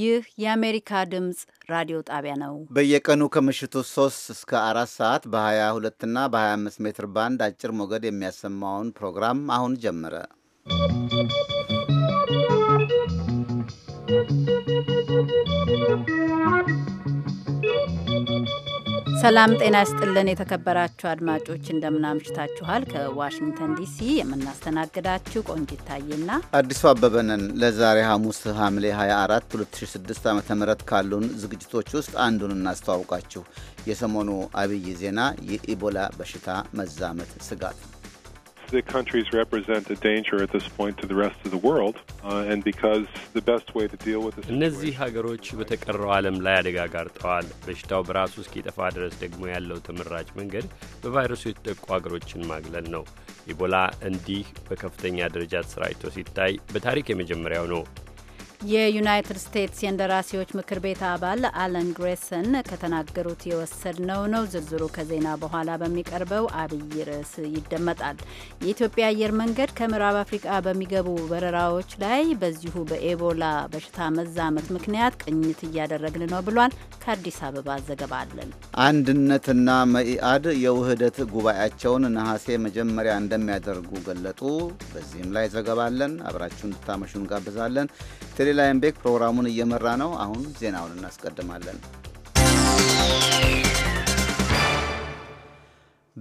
ይህ የአሜሪካ ድምፅ ራዲዮ ጣቢያ ነው። በየቀኑ ከምሽቱ 3 እስከ 4 ሰዓት በ22 እና በ25 ሜትር ባንድ አጭር ሞገድ የሚያሰማውን ፕሮግራም አሁን ጀመረ። ሰላም ጤና ይስጥልን። የተከበራችሁ አድማጮች እንደምናምሽታችኋል። ከዋሽንግተን ዲሲ የምናስተናግዳችሁ ቆንጅ ይታይና አዲሱ አበበንን ለዛሬ ሐሙስ ሐምሌ 24 2006 ዓ.ም ካሉን ዝግጅቶች ውስጥ አንዱን እናስተዋውቃችሁ። የሰሞኑ አብይ ዜና የኢቦላ በሽታ መዛመት ስጋት the countries represent a danger at this point to the rest of the world, uh, and because the best way to deal with this. እነዚህ ሀገሮች በተቀረው ዓለም ላይ አደጋ ጋርጠዋል። በሽታው በራሱ እስኪጠፋ ድረስ ደግሞ ያለው ተመራጭ መንገድ በቫይረሱ የተጠቁ ሀገሮችን ማግለል ነው። ኢቦላ እንዲህ በከፍተኛ ደረጃ ተሰራጭቶ ሲታይ በታሪክ የመጀመሪያው ነው። የዩናይትድ ስቴትስ የእንደራሴዎች ምክር ቤት አባል አለን ግሬሰን ከተናገሩት የወሰድነው ነው። ዝርዝሩ ከዜና በኋላ በሚቀርበው አብይ ርዕስ ይደመጣል። የኢትዮጵያ አየር መንገድ ከምዕራብ አፍሪቃ በሚገቡ በረራዎች ላይ በዚሁ በኤቦላ በሽታ መዛመት ምክንያት ቅኝት እያደረግን ነው ብሏል። ከአዲስ አበባ ዘገባ አለን። አንድነትና መኢአድ የውህደት ጉባኤያቸውን ነሐሴ መጀመሪያ እንደሚያደርጉ ገለጡ። በዚህም ላይ ዘገባ አለን። አብራችሁ እንድታመሹ እንጋብዛለን። ላይምቤክ ፕሮግራሙን እየመራ ነው። አሁን ዜናውን እናስቀድማለን።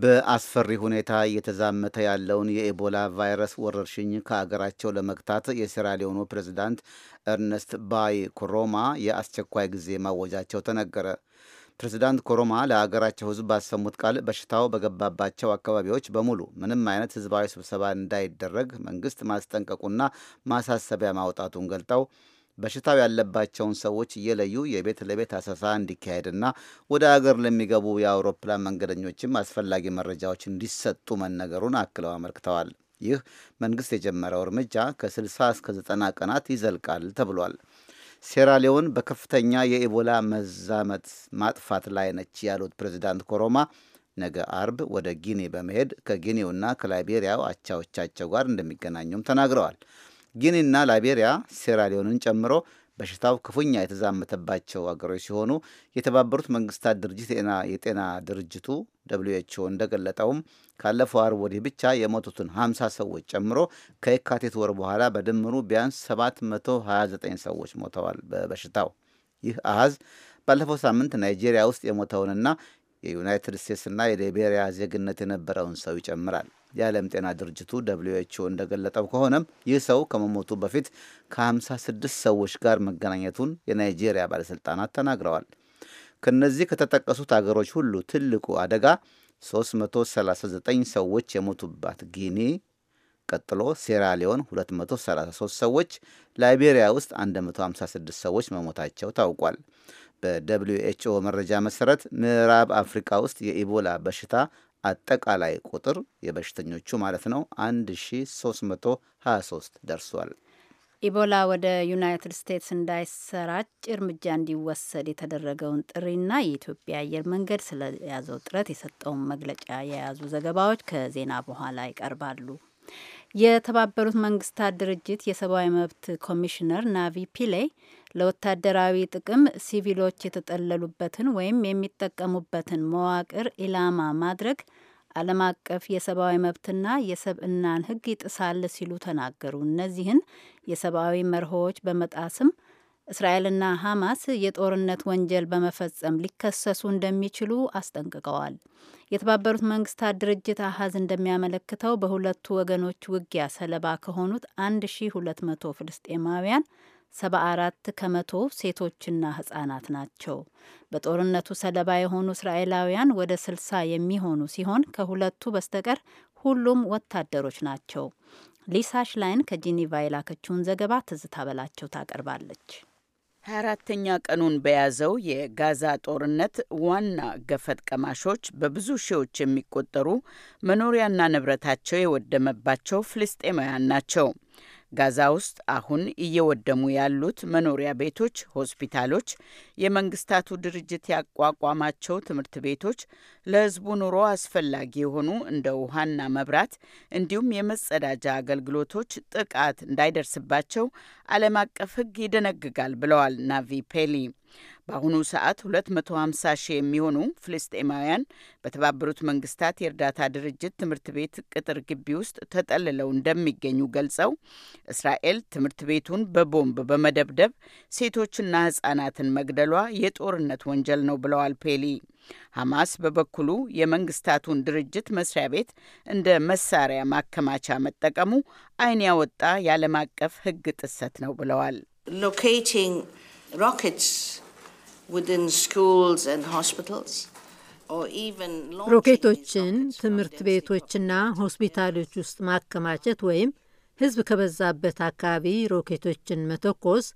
በአስፈሪ ሁኔታ እየተዛመተ ያለውን የኢቦላ ቫይረስ ወረርሽኝ ከአገራቸው ለመግታት የሴራሊዮኑ ፕሬዚዳንት ኤርነስት ባይ ኩሮማ የአስቸኳይ ጊዜ ማወጃቸው ተነገረ። ፕሬዚዳንት ኮሮማ ለሀገራቸው ህዝብ ባሰሙት ቃል በሽታው በገባባቸው አካባቢዎች በሙሉ ምንም አይነት ህዝባዊ ስብሰባ እንዳይደረግ መንግስት ማስጠንቀቁና ማሳሰቢያ ማውጣቱን ገልጠው በሽታው ያለባቸውን ሰዎች እየለዩ የቤት ለቤት አሰሳ እንዲካሄድና ወደ አገር ለሚገቡ የአውሮፕላን መንገደኞችም አስፈላጊ መረጃዎች እንዲሰጡ መነገሩን አክለው አመልክተዋል። ይህ መንግስት የጀመረው እርምጃ ከ60 እስከ 90 ቀናት ይዘልቃል ተብሏል። ሴራሊዮን በከፍተኛ የኢቦላ መዛመት ማጥፋት ላይ ነች ያሉት ፕሬዚዳንት ኮሮማ ነገ አርብ ወደ ጊኒ በመሄድ ከጊኒውና ከላይቤሪያው አቻዎቻቸው ጋር እንደሚገናኙም ተናግረዋል። ጊኒና ላይቤሪያ ሴራሊዮንን ጨምሮ በሽታው ክፉኛ የተዛመተባቸው አገሮች ሲሆኑ የተባበሩት መንግስታት ድርጅት የጤና ድርጅቱ ደብሊው ኤች ኦ እንደገለጠውም ካለፈው አርብ ወዲህ ብቻ የሞቱትን 50 ሰዎች ጨምሮ ከየካቲት ወር በኋላ በድምሩ ቢያንስ 729 ሰዎች ሞተዋል በበሽታው። ይህ አሃዝ ባለፈው ሳምንት ናይጄሪያ ውስጥ የሞተውንና የዩናይትድ ስቴትስና የሊቤሪያ ዜግነት የነበረውን ሰው ይጨምራል። የዓለም ጤና ድርጅቱ ደብሊው ኤች ኦ እንደገለጠው ከሆነም ይህ ሰው ከመሞቱ በፊት ከ56 ሰዎች ጋር መገናኘቱን የናይጄሪያ ባለሥልጣናት ተናግረዋል። ከነዚህ ከተጠቀሱት አገሮች ሁሉ ትልቁ አደጋ 339 ሰዎች የሞቱባት ጊኒ ቀጥሎ ሴራሊዮን 233 ሰዎች፣ ላይቤሪያ ውስጥ 156 ሰዎች መሞታቸው ታውቋል። በደብሊዩ ኤችኦ መረጃ መሰረት ምዕራብ አፍሪካ ውስጥ የኢቦላ በሽታ አጠቃላይ ቁጥር የበሽተኞቹ ማለት ነው 1323 ደርሷል። ኢቦላ ወደ ዩናይትድ ስቴትስ እንዳይሰራጭ እርምጃ እንዲወሰድ የተደረገውን ጥሪና የኢትዮጵያ አየር መንገድ ስለያዘው ጥረት የሰጠውን መግለጫ የያዙ ዘገባዎች ከዜና በኋላ ይቀርባሉ። የተባበሩት መንግስታት ድርጅት የሰብአዊ መብት ኮሚሽነር ናቪ ፒሌይ ለወታደራዊ ጥቅም ሲቪሎች የተጠለሉበትን ወይም የሚጠቀሙበትን መዋቅር ኢላማ ማድረግ ዓለም አቀፍ የሰብአዊ መብትና የሰብእናን ሕግ ይጥሳል ሲሉ ተናገሩ። እነዚህን የሰብአዊ መርሆዎች በመጣስም እስራኤልና ሐማስ የጦርነት ወንጀል በመፈጸም ሊከሰሱ እንደሚችሉ አስጠንቅቀዋል። የተባበሩት መንግስታት ድርጅት አሀዝ እንደሚያመለክተው በሁለቱ ወገኖች ውጊያ ሰለባ ከሆኑት 1200 ፍልስጤማውያን 74 ከመቶ ሴቶችና ህጻናት ናቸው። በጦርነቱ ሰለባ የሆኑ እስራኤላውያን ወደ 60 የሚሆኑ ሲሆን ከሁለቱ በስተቀር ሁሉም ወታደሮች ናቸው። ሊሳ ሽላይን ከጂኒቫ የላከችውን ዘገባ ትዝታ በላቸው ታቀርባለች። 24ተኛ ቀኑን በያዘው የጋዛ ጦርነት ዋና ገፈት ቀማሾች በብዙ ሺዎች የሚቆጠሩ መኖሪያና ንብረታቸው የወደመባቸው ፍልስጤማውያን ናቸው። ጋዛ ውስጥ አሁን እየወደሙ ያሉት መኖሪያ ቤቶች፣ ሆስፒታሎች፣ የመንግስታቱ ድርጅት ያቋቋማቸው ትምህርት ቤቶች፣ ለህዝቡ ኑሮ አስፈላጊ የሆኑ እንደ ውሃና መብራት እንዲሁም የመጸዳጃ አገልግሎቶች ጥቃት እንዳይደርስባቸው ዓለም አቀፍ ህግ ይደነግጋል ብለዋል ናቪ ፔሊ። በአሁኑ ሰዓት 250 ሺህ የሚሆኑ ፍልስጤማውያን በተባበሩት መንግስታት የእርዳታ ድርጅት ትምህርት ቤት ቅጥር ግቢ ውስጥ ተጠልለው እንደሚገኙ ገልጸው እስራኤል ትምህርት ቤቱን በቦምብ በመደብደብ ሴቶችና ህጻናትን መግደሏ የጦርነት ወንጀል ነው ብለዋል ፔሊ። ሐማስ በበኩሉ የመንግስታቱን ድርጅት መስሪያ ቤት እንደ መሳሪያ ማከማቻ መጠቀሙ ዓይን ያወጣ የዓለም አቀፍ ህግ ጥሰት ነው ብለዋል። ሎኬቲንግ ሮኬትስ ሮኬቶችን ትምህርት ቤቶችና ሆስፒታሎች ውስጥ ማከማቸት ወይም ሕዝብ ከበዛበት አካባቢ ሮኬቶችን መተኮስ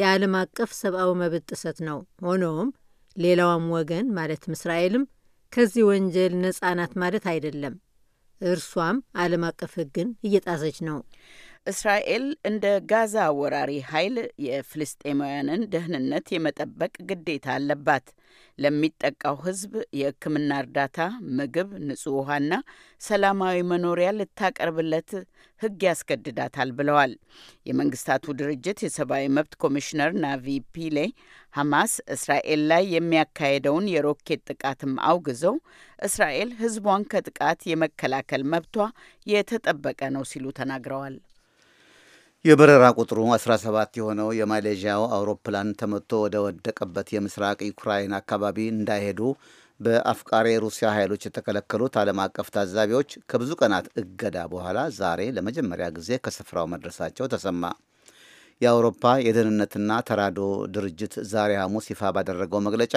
የዓለም አቀፍ ሰብአዊ መብት ጥሰት ነው። ሆኖም ሌላዋም ወገን ማለትም እስራኤልም ከዚህ ወንጀል ነጻ ናት ማለት አይደለም። እርሷም ዓለም አቀፍ ሕግን እየጣሰች ነው። እስራኤል እንደ ጋዛ ወራሪ ኃይል የፍልስጤማውያንን ደህንነት የመጠበቅ ግዴታ አለባት። ለሚጠቃው ሕዝብ የሕክምና እርዳታ፣ ምግብ፣ ንጹህ ውሃና ሰላማዊ መኖሪያ ልታቀርብለት ሕግ ያስገድዳታል ብለዋል። የመንግስታቱ ድርጅት የሰብአዊ መብት ኮሚሽነር ናቪ ፒሌ ሐማስ እስራኤል ላይ የሚያካሄደውን የሮኬት ጥቃትም አውግዘው እስራኤል ሕዝቧን ከጥቃት የመከላከል መብቷ የተጠበቀ ነው ሲሉ ተናግረዋል። የበረራ ቁጥሩ 17 የሆነው የማሌዥያው አውሮፕላን ተመቶ ወደ ወደቀበት የምስራቅ ዩክራይን አካባቢ እንዳይሄዱ በአፍቃሪ ሩሲያ ኃይሎች የተከለከሉት ዓለም አቀፍ ታዛቢዎች ከብዙ ቀናት እገዳ በኋላ ዛሬ ለመጀመሪያ ጊዜ ከስፍራው መድረሳቸው ተሰማ። የአውሮፓ የደህንነትና ተራዶ ድርጅት ዛሬ ሐሙስ ይፋ ባደረገው መግለጫ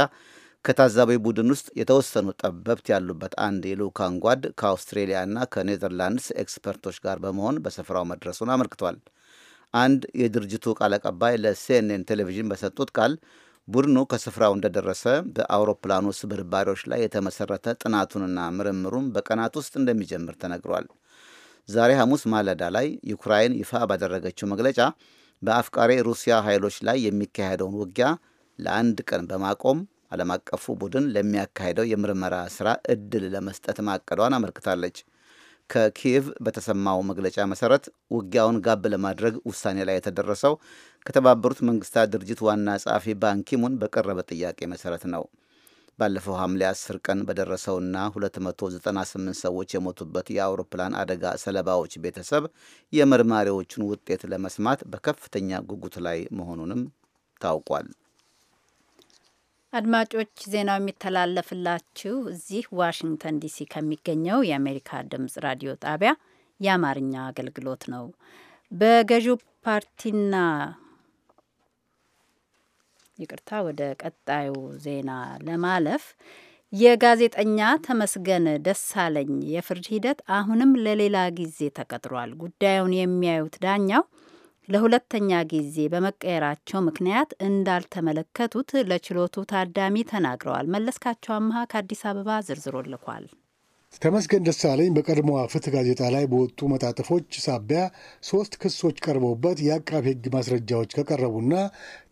ከታዛቢ ቡድን ውስጥ የተወሰኑ ጠበብት ያሉበት አንድ የልዑካን ጓድ ከአውስትሬሊያና ከኔዘርላንድስ ኤክስፐርቶች ጋር በመሆን በስፍራው መድረሱን አመልክቷል። አንድ የድርጅቱ ቃል አቀባይ ለሲኤንኤን ቴሌቪዥን በሰጡት ቃል ቡድኑ ከስፍራው እንደደረሰ በአውሮፕላኑ ስብርባሪዎች ላይ የተመሰረተ ጥናቱንና ምርምሩን በቀናት ውስጥ እንደሚጀምር ተነግሯል። ዛሬ ሐሙስ ማለዳ ላይ ዩክራይን ይፋ ባደረገችው መግለጫ በአፍቃሪ ሩሲያ ኃይሎች ላይ የሚካሄደውን ውጊያ ለአንድ ቀን በማቆም ዓለም አቀፉ ቡድን ለሚያካሄደው የምርመራ ስራ እድል ለመስጠት ማቀዷን አመልክታለች። ከኪየቭ በተሰማው መግለጫ መሰረት ውጊያውን ጋብ ለማድረግ ውሳኔ ላይ የተደረሰው ከተባበሩት መንግስታት ድርጅት ዋና ጸሐፊ ባንኪሙን በቀረበ ጥያቄ መሰረት ነው። ባለፈው ሐምሌ 10 ቀን በደረሰውና 298 ሰዎች የሞቱበት የአውሮፕላን አደጋ ሰለባዎች ቤተሰብ የመርማሪዎቹን ውጤት ለመስማት በከፍተኛ ጉጉት ላይ መሆኑንም ታውቋል። አድማጮች ዜናው የሚተላለፍላችሁ እዚህ ዋሽንግተን ዲሲ ከሚገኘው የአሜሪካ ድምጽ ራዲዮ ጣቢያ የአማርኛ አገልግሎት ነው። በገዢው ፓርቲና ይቅርታ፣ ወደ ቀጣዩ ዜና ለማለፍ የጋዜጠኛ ተመስገን ደሳለኝ የፍርድ ሂደት አሁንም ለሌላ ጊዜ ተቀጥሯል። ጉዳዩን የሚያዩት ዳኛው ለሁለተኛ ጊዜ በመቀየራቸው ምክንያት እንዳልተመለከቱት ለችሎቱ ታዳሚ ተናግረዋል። መለስካቸው አምሃ ከአዲስ አበባ ዝርዝሮ ልኳል። ተመስገን ደሳለኝ በቀድሞዋ ፍትህ ጋዜጣ ላይ በወጡ መጣጥፎች ሳቢያ ሶስት ክሶች ቀርበውበት የአቃቤ ሕግ ማስረጃዎች ከቀረቡና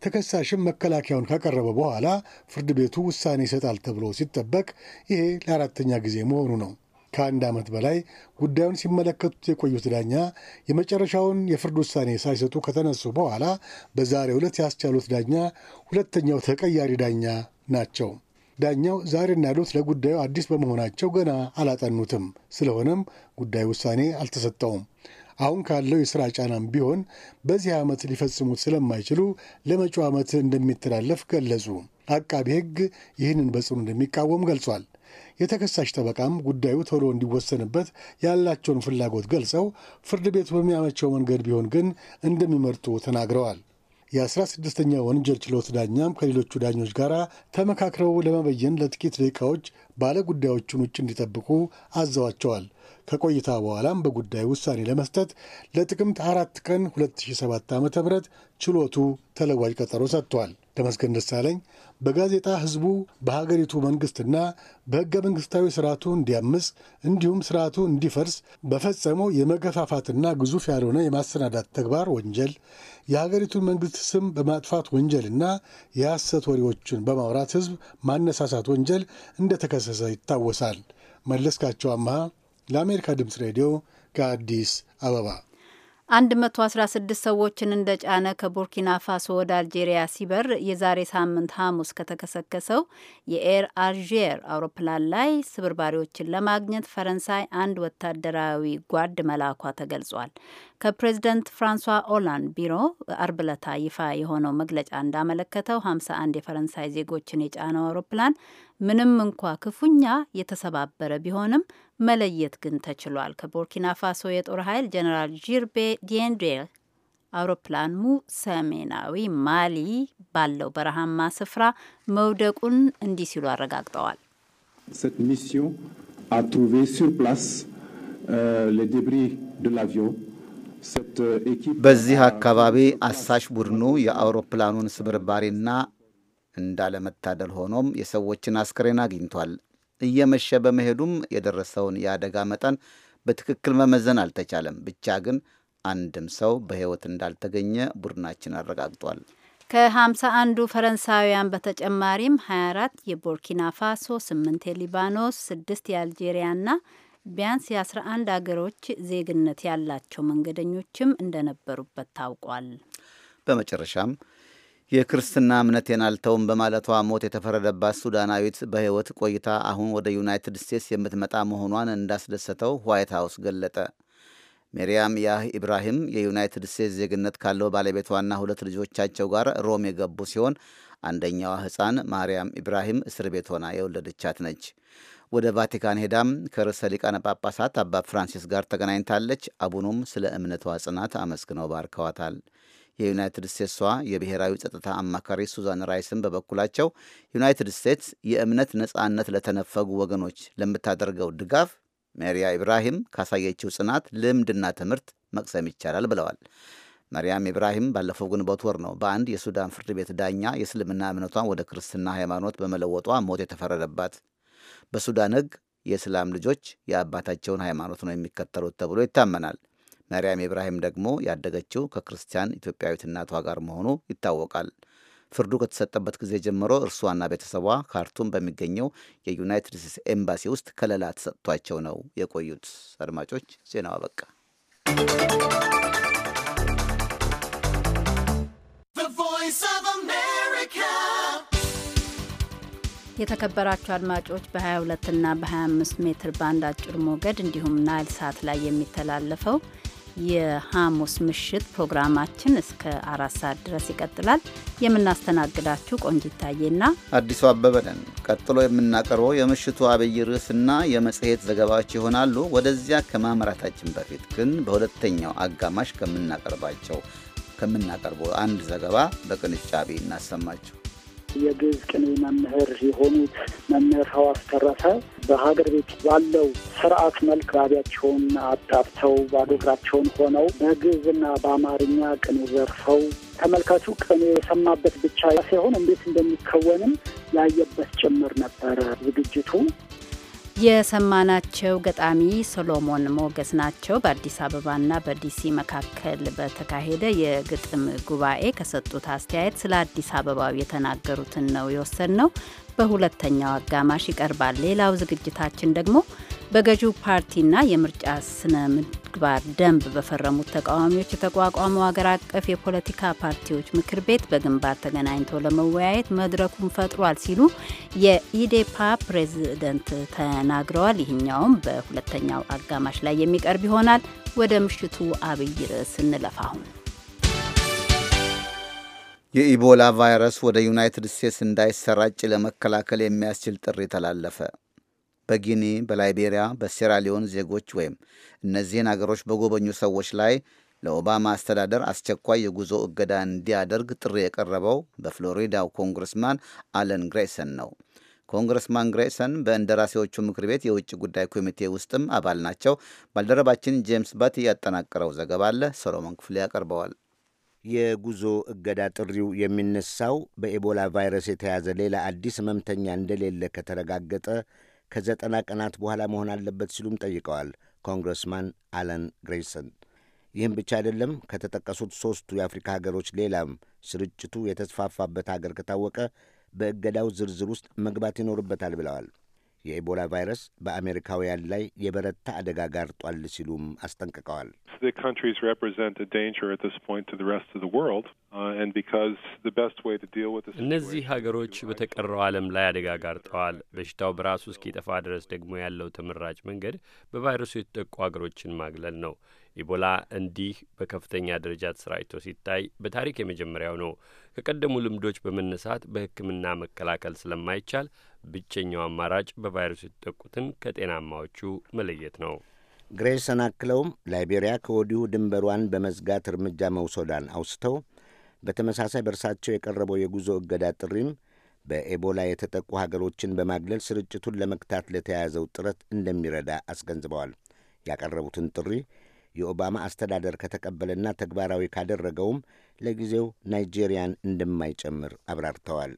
ተከሳሽም መከላከያውን ካቀረበ በኋላ ፍርድ ቤቱ ውሳኔ ይሰጣል ተብሎ ሲጠበቅ ይሄ ለአራተኛ ጊዜ መሆኑ ነው። ከአንድ ዓመት በላይ ጉዳዩን ሲመለከቱት የቆዩት ዳኛ የመጨረሻውን የፍርድ ውሳኔ ሳይሰጡ ከተነሱ በኋላ በዛሬ ዕለት ያስቻሉት ዳኛ ሁለተኛው ተቀያሪ ዳኛ ናቸው። ዳኛው ዛሬ እንዳሉት ለጉዳዩ አዲስ በመሆናቸው ገና አላጠኑትም። ስለሆነም ጉዳዩ ውሳኔ አልተሰጠውም። አሁን ካለው የሥራ ጫናም ቢሆን በዚህ ዓመት ሊፈጽሙት ስለማይችሉ ለመጪው ዓመት እንደሚተላለፍ ገለጹ። አቃቢ ሕግ ይህንን በጽኑ እንደሚቃወም ገልጿል። የተከሳሽ ጠበቃም ጉዳዩ ቶሎ እንዲወሰንበት ያላቸውን ፍላጎት ገልጸው ፍርድ ቤቱ በሚያመቸው መንገድ ቢሆን ግን እንደሚመርጡ ተናግረዋል። የአስራ ስድስተኛ ወንጀል ችሎት ዳኛም ከሌሎቹ ዳኞች ጋር ተመካክረው ለመበየን ለጥቂት ደቂቃዎች ባለ ጉዳዮቹን ውጭ እንዲጠብቁ አዘዋቸዋል። ከቆይታ በኋላም በጉዳዩ ውሳኔ ለመስጠት ለጥቅምት አራት ቀን 2007 ዓ ም ችሎቱ ተለዋጭ ቀጠሮ ሰጥቷል። ተመስገን ደሳለኝ በጋዜጣ ህዝቡ በሀገሪቱ መንግስትና በህገ መንግስታዊ ስርዓቱ እንዲያምስ እንዲሁም ስርዓቱ እንዲፈርስ በፈጸመው የመገፋፋትና ግዙፍ ያልሆነ የማሰናዳት ተግባር ወንጀል የሀገሪቱን መንግስት ስም በማጥፋት ወንጀልና የሐሰት ወሬዎችን በማውራት ህዝብ ማነሳሳት ወንጀል እንደተከሰሰ ይታወሳል። መለስካቸው አምሃ ለአሜሪካ ድምፅ ሬዲዮ ከአዲስ አበባ 116 ሰዎችን እንደጫነ ከቡርኪና ፋሶ ወደ አልጄሪያ ሲበር የዛሬ ሳምንት ሐሙስ ከተከሰከሰው የኤር አልጄር አውሮፕላን ላይ ስብርባሪዎችን ለማግኘት ፈረንሳይ አንድ ወታደራዊ ጓድ መላኳ ተገልጿል። ከፕሬዚደንት ፍራንሷ ኦላንድ ቢሮ አርብ ዕለት ይፋ የሆነው መግለጫ እንዳመለከተው 51 የፈረንሳይ ዜጎችን የጫነው አውሮፕላን ምንም እንኳ ክፉኛ የተሰባበረ ቢሆንም መለየት ግን ተችሏል። ከቡርኪና ፋሶ የጦር ኃይል ጀኔራል ጂርቤ ዲንዴ አውሮፕላኑ ሰሜናዊ ማሊ ባለው በረሃማ ስፍራ መውደቁን እንዲህ ሲሉ አረጋግጠዋል። euh, euh, በዚህ አካባቢ አሳሽ ቡድኑ የአውሮፕላኑን ስብርባሪና እንዳለመታደል ሆኖም የሰዎችን አስክሬን አግኝቷል። እየመሸ በመሄዱም የደረሰውን የአደጋ መጠን በትክክል መመዘን አልተቻለም። ብቻ ግን አንድም ሰው በሕይወት እንዳልተገኘ ቡድናችን አረጋግጧል። ከሃምሳ አንዱ ፈረንሳውያን በተጨማሪም 24 የቡርኪና ፋሶ፣ 8 የሊባኖስ፣ 6 የአልጄሪያና ቢያንስ የ11 አገሮች ዜግነት ያላቸው መንገደኞችም እንደነበሩበት ታውቋል። በመጨረሻም የክርስትና እምነቴን አልተውም በማለቷ ሞት የተፈረደባት ሱዳናዊት በሕይወት ቆይታ አሁን ወደ ዩናይትድ ስቴትስ የምትመጣ መሆኗን እንዳስደሰተው ዋይት ሀውስ ገለጠ። ሜሪያም ያህ ኢብራሂም የዩናይትድ ስቴትስ ዜግነት ካለው ባለቤቷና ሁለት ልጆቻቸው ጋር ሮም የገቡ ሲሆን አንደኛዋ ሕፃን ማርያም ኢብራሂም እስር ቤት ሆና የወለደቻት ነች። ወደ ቫቲካን ሄዳም ከርዕሰ ሊቃነ ጳጳሳት አባ ፍራንሲስ ጋር ተገናኝታለች። አቡኑም ስለ እምነቷ ጽናት አመስግነው ባርከዋታል። የዩናይትድ ስቴትሷ የብሔራዊ ጸጥታ አማካሪ ሱዛን ራይስን በበኩላቸው ዩናይትድ ስቴትስ የእምነት ነጻነት ለተነፈጉ ወገኖች ለምታደርገው ድጋፍ መሪያ ኢብራሂም ካሳየችው ጽናት ልምድና ትምህርት መቅሰም ይቻላል ብለዋል። መርያም ኢብራሂም ባለፈው ግንቦት ወር ነው በአንድ የሱዳን ፍርድ ቤት ዳኛ የእስልምና እምነቷን ወደ ክርስትና ሃይማኖት በመለወጧ ሞት የተፈረደባት። በሱዳን ሕግ የእስላም ልጆች የአባታቸውን ሃይማኖት ነው የሚከተሉት ተብሎ ይታመናል። መርያም ኢብራሂም ደግሞ ያደገችው ከክርስቲያን ኢትዮጵያዊት እናቷ ጋር መሆኑ ይታወቃል። ፍርዱ ከተሰጠበት ጊዜ ጀምሮ እርሷና ቤተሰቧ ካርቱም በሚገኘው የዩናይትድ ስቴትስ ኤምባሲ ውስጥ ከለላ ተሰጥቷቸው ነው የቆዩት። አድማጮች፣ ዜናው አበቃ። የተከበራችሁ አድማጮች በ22 እና በ25 ሜትር ባንድ አጭር ሞገድ እንዲሁም ናይል ሳት ላይ የሚተላለፈው የሐሙስ ምሽት ፕሮግራማችን እስከ አራት ሰዓት ድረስ ይቀጥላል። የምናስተናግዳችሁ ቆንጂታዬና አዲሱ አበበ ነን። ቀጥሎ የምናቀርበው የምሽቱ አብይ ርዕስና የመጽሔት ዘገባዎች ይሆናሉ። ወደዚያ ከማምራታችን በፊት ግን በሁለተኛው አጋማሽ ከምናቀርባቸው ከምናቀርበው አንድ ዘገባ በቅንጫቤ እናሰማችሁ። የግዕዝ ቅኔ መምህር የሆኑት መምህር ሐዋስ ተረፈ በሀገር ቤት ባለው ስርዓት መልክ ራቢያቸውን አጣብተው ባዶ እግራቸውን ሆነው በግዕዝና በአማርኛ ቅኔ ዘርፈው ተመልካቹ ቅኔ የሰማበት ብቻ ሳይሆን እንዴት እንደሚከወንም ያየበት ጭምር ነበረ ዝግጅቱ። የሰማናቸው ገጣሚ ሶሎሞን ሞገስ ናቸው። በአዲስ አበባና በዲሲ መካከል በተካሄደ የግጥም ጉባኤ ከሰጡት አስተያየት ስለ አዲስ አበባው የተናገሩትን ነው የወሰን ነው። በሁለተኛው አጋማሽ ይቀርባል። ሌላው ዝግጅታችን ደግሞ በገዢው ፓርቲና የምርጫ ስነ ምግባር ደንብ በፈረሙት ተቃዋሚዎች የተቋቋመው አገር አቀፍ የፖለቲካ ፓርቲዎች ምክር ቤት በግንባር ተገናኝቶ ለመወያየት መድረኩን ፈጥሯል ሲሉ የኢዴፓ ፕሬዝደንት ተናግረዋል። ይህኛውም በሁለተኛው አጋማሽ ላይ የሚቀርብ ይሆናል። ወደ ምሽቱ አብይ ርዕስ አሁን የኢቦላ ቫይረስ ወደ ዩናይትድ ስቴትስ እንዳይሰራጭ ለመከላከል የሚያስችል ጥሪ ተላለፈ። በጊኒ፣ በላይቤሪያ፣ በሴራሊዮን ዜጎች ወይም እነዚህን አገሮች በጎበኙ ሰዎች ላይ ለኦባማ አስተዳደር አስቸኳይ የጉዞ እገዳ እንዲያደርግ ጥሪ የቀረበው በፍሎሪዳው ኮንግረስማን አለን ግሬሰን ነው። ኮንግረስማን ግሬሰን በእንደራሴዎቹ ምክር ቤት የውጭ ጉዳይ ኮሚቴ ውስጥም አባል ናቸው። ባልደረባችን ጄምስ ባት ያጠናቀረው ዘገባ አለ። ሰሎሞን ክፍሌ ያቀርበዋል። የጉዞ እገዳ ጥሪው የሚነሳው በኤቦላ ቫይረስ የተያዘ ሌላ አዲስ ህመምተኛ እንደሌለ ከተረጋገጠ ከዘጠና ቀናት በኋላ መሆን አለበት ሲሉም ጠይቀዋል ኮንግረስማን አለን ግሬሰን። ይህም ብቻ አይደለም። ከተጠቀሱት ሦስቱ የአፍሪካ ሀገሮች ሌላም ስርጭቱ የተስፋፋበት ሀገር ከታወቀ በእገዳው ዝርዝር ውስጥ መግባት ይኖርበታል ብለዋል። የኢቦላ ቫይረስ በአሜሪካውያን ላይ የበረታ አደጋ ጋርጧል ሲሉም አስጠንቅቀዋል። uh, እነዚህ ሀገሮች በተቀረው ዓለም ላይ አደጋ ጋርጠዋል። በሽታው በራሱ እስኪጠፋ ድረስ ደግሞ ያለው ተመራጭ መንገድ በቫይረሱ የተጠቁ ሀገሮችን ማግለል ነው። ኢቦላ እንዲህ በከፍተኛ ደረጃ ተሰራጭቶ ሲታይ በታሪክ የመጀመሪያው ነው። ከቀደሙ ልምዶች በመነሳት በሕክምና መከላከል ስለማይቻል ብቸኛው አማራጭ በቫይረሱ የተጠቁትን ከጤናማዎቹ መለየት ነው። ግሬሰን አክለውም ላይቤሪያ ከወዲሁ ድንበሯን በመዝጋት እርምጃ መውሰዷን አውስተው በተመሳሳይ በእርሳቸው የቀረበው የጉዞ እገዳ ጥሪም በኤቦላ የተጠቁ ሀገሮችን በማግለል ስርጭቱን ለመግታት ለተያያዘው ጥረት እንደሚረዳ አስገንዝበዋል። ያቀረቡትን ጥሪ የኦባማ አስተዳደር ከተቀበለና ተግባራዊ ካደረገውም ለጊዜው ናይጄሪያን እንደማይጨምር አብራርተዋል።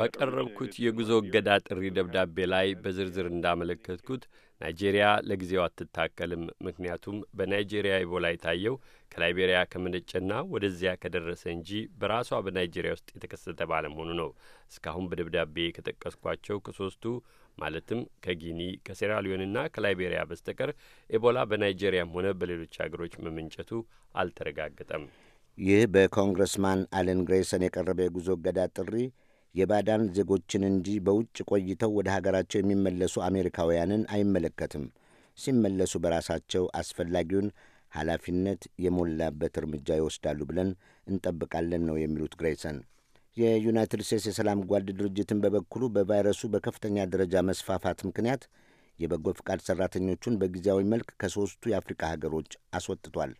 ባቀረብኩት የጉዞ እገዳ ጥሪ ደብዳቤ ላይ በዝርዝር እንዳመለከትኩት ናይጄሪያ ለጊዜው አትታቀልም። ምክንያቱም በናይጄሪያ ኢቦላ የታየው ከላይቤሪያ ከመነጨና ወደዚያ ከደረሰ እንጂ በራሷ በናይጄሪያ ውስጥ የተከሰተ ባለመሆኑ ነው። እስካሁን በደብዳቤ ከጠቀስኳቸው ከሶስቱ ማለትም ከጊኒ ከሴራሊዮንና ከላይቤሪያ በስተቀር ኤቦላ በናይጄሪያም ሆነ በሌሎች አገሮች መመንጨቱ አልተረጋገጠም። ይህ በኮንግረስማን አለን ግሬሰን የቀረበ የጉዞ እገዳ ጥሪ የባዕዳን ዜጎችን እንጂ በውጭ ቆይተው ወደ ሀገራቸው የሚመለሱ አሜሪካውያንን አይመለከትም። ሲመለሱ በራሳቸው አስፈላጊውን ኃላፊነት የሞላበት እርምጃ ይወስዳሉ ብለን እንጠብቃለን ነው የሚሉት ግሬሰን። የዩናይትድ ስቴትስ የሰላም ጓድ ድርጅትን በበኩሉ በቫይረሱ በከፍተኛ ደረጃ መስፋፋት ምክንያት የበጎ ፍቃድ ሠራተኞቹን በጊዜያዊ መልክ ከሦስቱ የአፍሪካ ሀገሮች አስወጥቷል።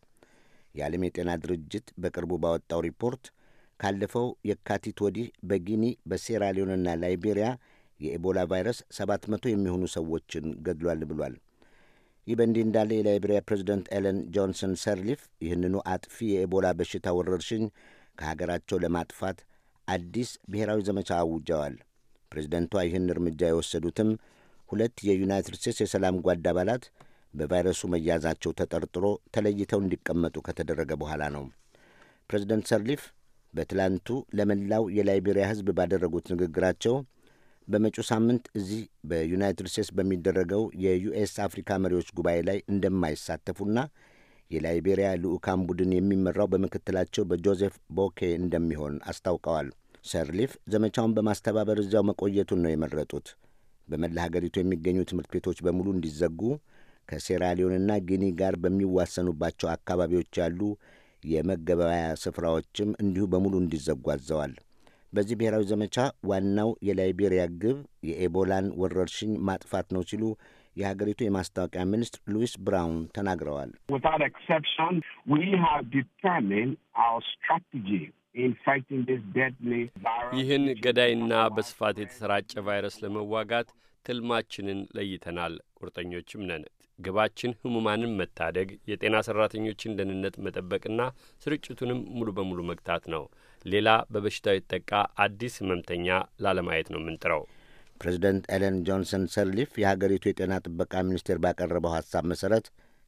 የዓለም የጤና ድርጅት በቅርቡ ባወጣው ሪፖርት ካለፈው የካቲት ወዲህ በጊኒ በሴራሊዮንና ላይቤሪያ የኢቦላ ቫይረስ 700 የሚሆኑ ሰዎችን ገድሏል ብሏል። ይህ በእንዲህ እንዳለ የላይቤሪያ ፕሬዚደንት ኤለን ጆንሰን ሰርሊፍ ይህንኑ አጥፊ የኢቦላ በሽታ ወረርሽኝ ከሀገራቸው ለማጥፋት አዲስ ብሔራዊ ዘመቻ አውጀዋል። ፕሬዚደንቷ ይህን እርምጃ የወሰዱትም ሁለት የዩናይትድ ስቴትስ የሰላም ጓድ አባላት በቫይረሱ መያዛቸው ተጠርጥሮ ተለይተው እንዲቀመጡ ከተደረገ በኋላ ነው። ፕሬዚደንት ሰርሊፍ በትላንቱ ለመላው የላይቤሪያ ሕዝብ ባደረጉት ንግግራቸው በመጪው ሳምንት እዚህ በዩናይትድ ስቴትስ በሚደረገው የዩኤስ አፍሪካ መሪዎች ጉባኤ ላይ እንደማይሳተፉና የላይቤሪያ ልዑካን ቡድን የሚመራው በምክትላቸው በጆዜፍ ቦኬ እንደሚሆን አስታውቀዋል። ሰርሊፍ ዘመቻውን በማስተባበር እዚያው መቆየቱን ነው የመረጡት። በመላ ሀገሪቱ የሚገኙ ትምህርት ቤቶች በሙሉ እንዲዘጉ፣ ከሴራሊዮንና ጊኒ ጋር በሚዋሰኑባቸው አካባቢዎች ያሉ የመገበያያ ስፍራዎችም እንዲሁ በሙሉ እንዲዘጉ አዘዋል። በዚህ ብሔራዊ ዘመቻ ዋናው የላይቤሪያ ግብ የኤቦላን ወረርሽኝ ማጥፋት ነው ሲሉ የሀገሪቱ የማስታወቂያ ሚኒስትር ሉዊስ ብራውን ተናግረዋል። ይህን ገዳይና በስፋት የተሰራጨ ቫይረስ ለመዋጋት ትልማችንን ለይተናል፣ ቁርጠኞችም ነን። ግባችን ህሙማንን መታደግ፣ የጤና ሰራተኞችን ደህንነት መጠበቅና ስርጭቱንም ሙሉ በሙሉ መግታት ነው። ሌላ በበሽታው የተጠቃ አዲስ ህመምተኛ ላለማየት ነው የምንጥረው። ፕሬዚደንት ኤለን ጆንሰን ሰርሊፍ የሀገሪቱ የጤና ጥበቃ ሚኒስቴር ባቀረበው ሀሳብ መሰረት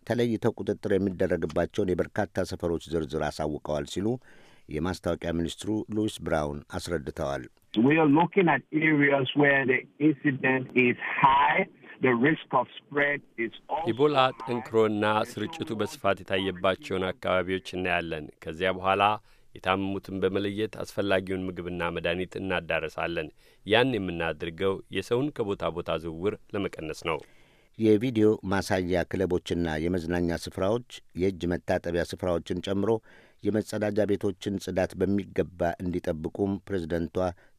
ተለይተው ቁጥጥር የሚደረግባቸውን የበርካታ ሰፈሮች ዝርዝር አሳውቀዋል ሲሉ የማስታወቂያ ሚኒስትሩ ሉዊስ ብራውን አስረድተዋል። ኢቦላ ጠንክሮና ስርጭቱ በስፋት የታየባቸውን አካባቢዎች እናያለን። ከዚያ በኋላ የታመሙትን በመለየት አስፈላጊውን ምግብና መድኃኒት እናዳረሳለን። ያን የምናድርገው የሰውን ከቦታ ቦታ ዝውውር ለመቀነስ ነው። የቪዲዮ ማሳያ ክለቦችና የመዝናኛ ስፍራዎች የእጅ መታጠቢያ ስፍራዎችን ጨምሮ የመጸዳጃ ቤቶችን ጽዳት በሚገባ እንዲጠብቁም ፕሬዝደንቷ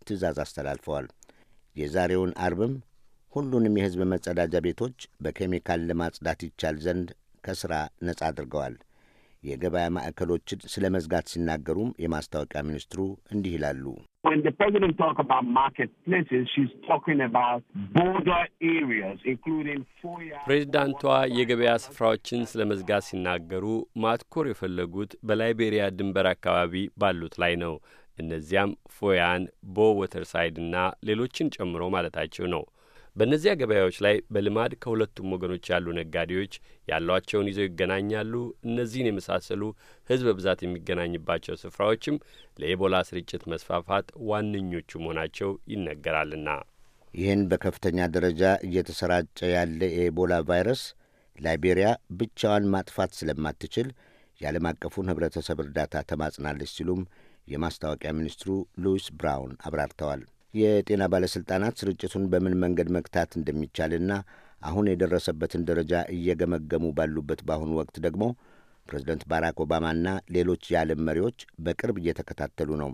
ትዕዛዝ አስተላልፈዋል። የዛሬውን አርብም ሁሉንም የሕዝብ መጸዳጃ ቤቶች በኬሚካል ለማጽዳት ይቻል ዘንድ ከሥራ ነጻ አድርገዋል። የገበያ ማዕከሎችን ስለ መዝጋት ሲናገሩም የማስታወቂያ ሚኒስትሩ እንዲህ ይላሉ። ፕሬዚዳንቷ የገበያ ስፍራዎችን ስለ መዝጋት ሲናገሩ ማትኮር የፈለጉት በላይቤሪያ ድንበር አካባቢ ባሉት ላይ ነው። እነዚያም ፎያን፣ ቦ ወተርሳይድ እና ሌሎችን ጨምሮ ማለታቸው ነው። በእነዚያ ገበያዎች ላይ በልማድ ከሁለቱም ወገኖች ያሉ ነጋዴዎች ያሏቸውን ይዘው ይገናኛሉ። እነዚህን የመሳሰሉ ሕዝብ ብዛት የሚገናኝባቸው ስፍራዎችም ለኤቦላ ስርጭት መስፋፋት ዋነኞቹ መሆናቸው ይነገራልና ይህን በከፍተኛ ደረጃ እየተሰራጨ ያለ የኤቦላ ቫይረስ ላይቤሪያ ብቻዋን ማጥፋት ስለማትችል የዓለም አቀፉን ህብረተሰብ እርዳታ ተማጽናለች ሲሉም የማስታወቂያ ሚኒስትሩ ሉዊስ ብራውን አብራርተዋል። የጤና ባለሥልጣናት ስርጭቱን በምን መንገድ መግታት እንደሚቻልና አሁን የደረሰበትን ደረጃ እየገመገሙ ባሉበት በአሁኑ ወቅት ደግሞ ፕሬዝደንት ባራክ ኦባማና ሌሎች የዓለም መሪዎች በቅርብ እየተከታተሉ ነው።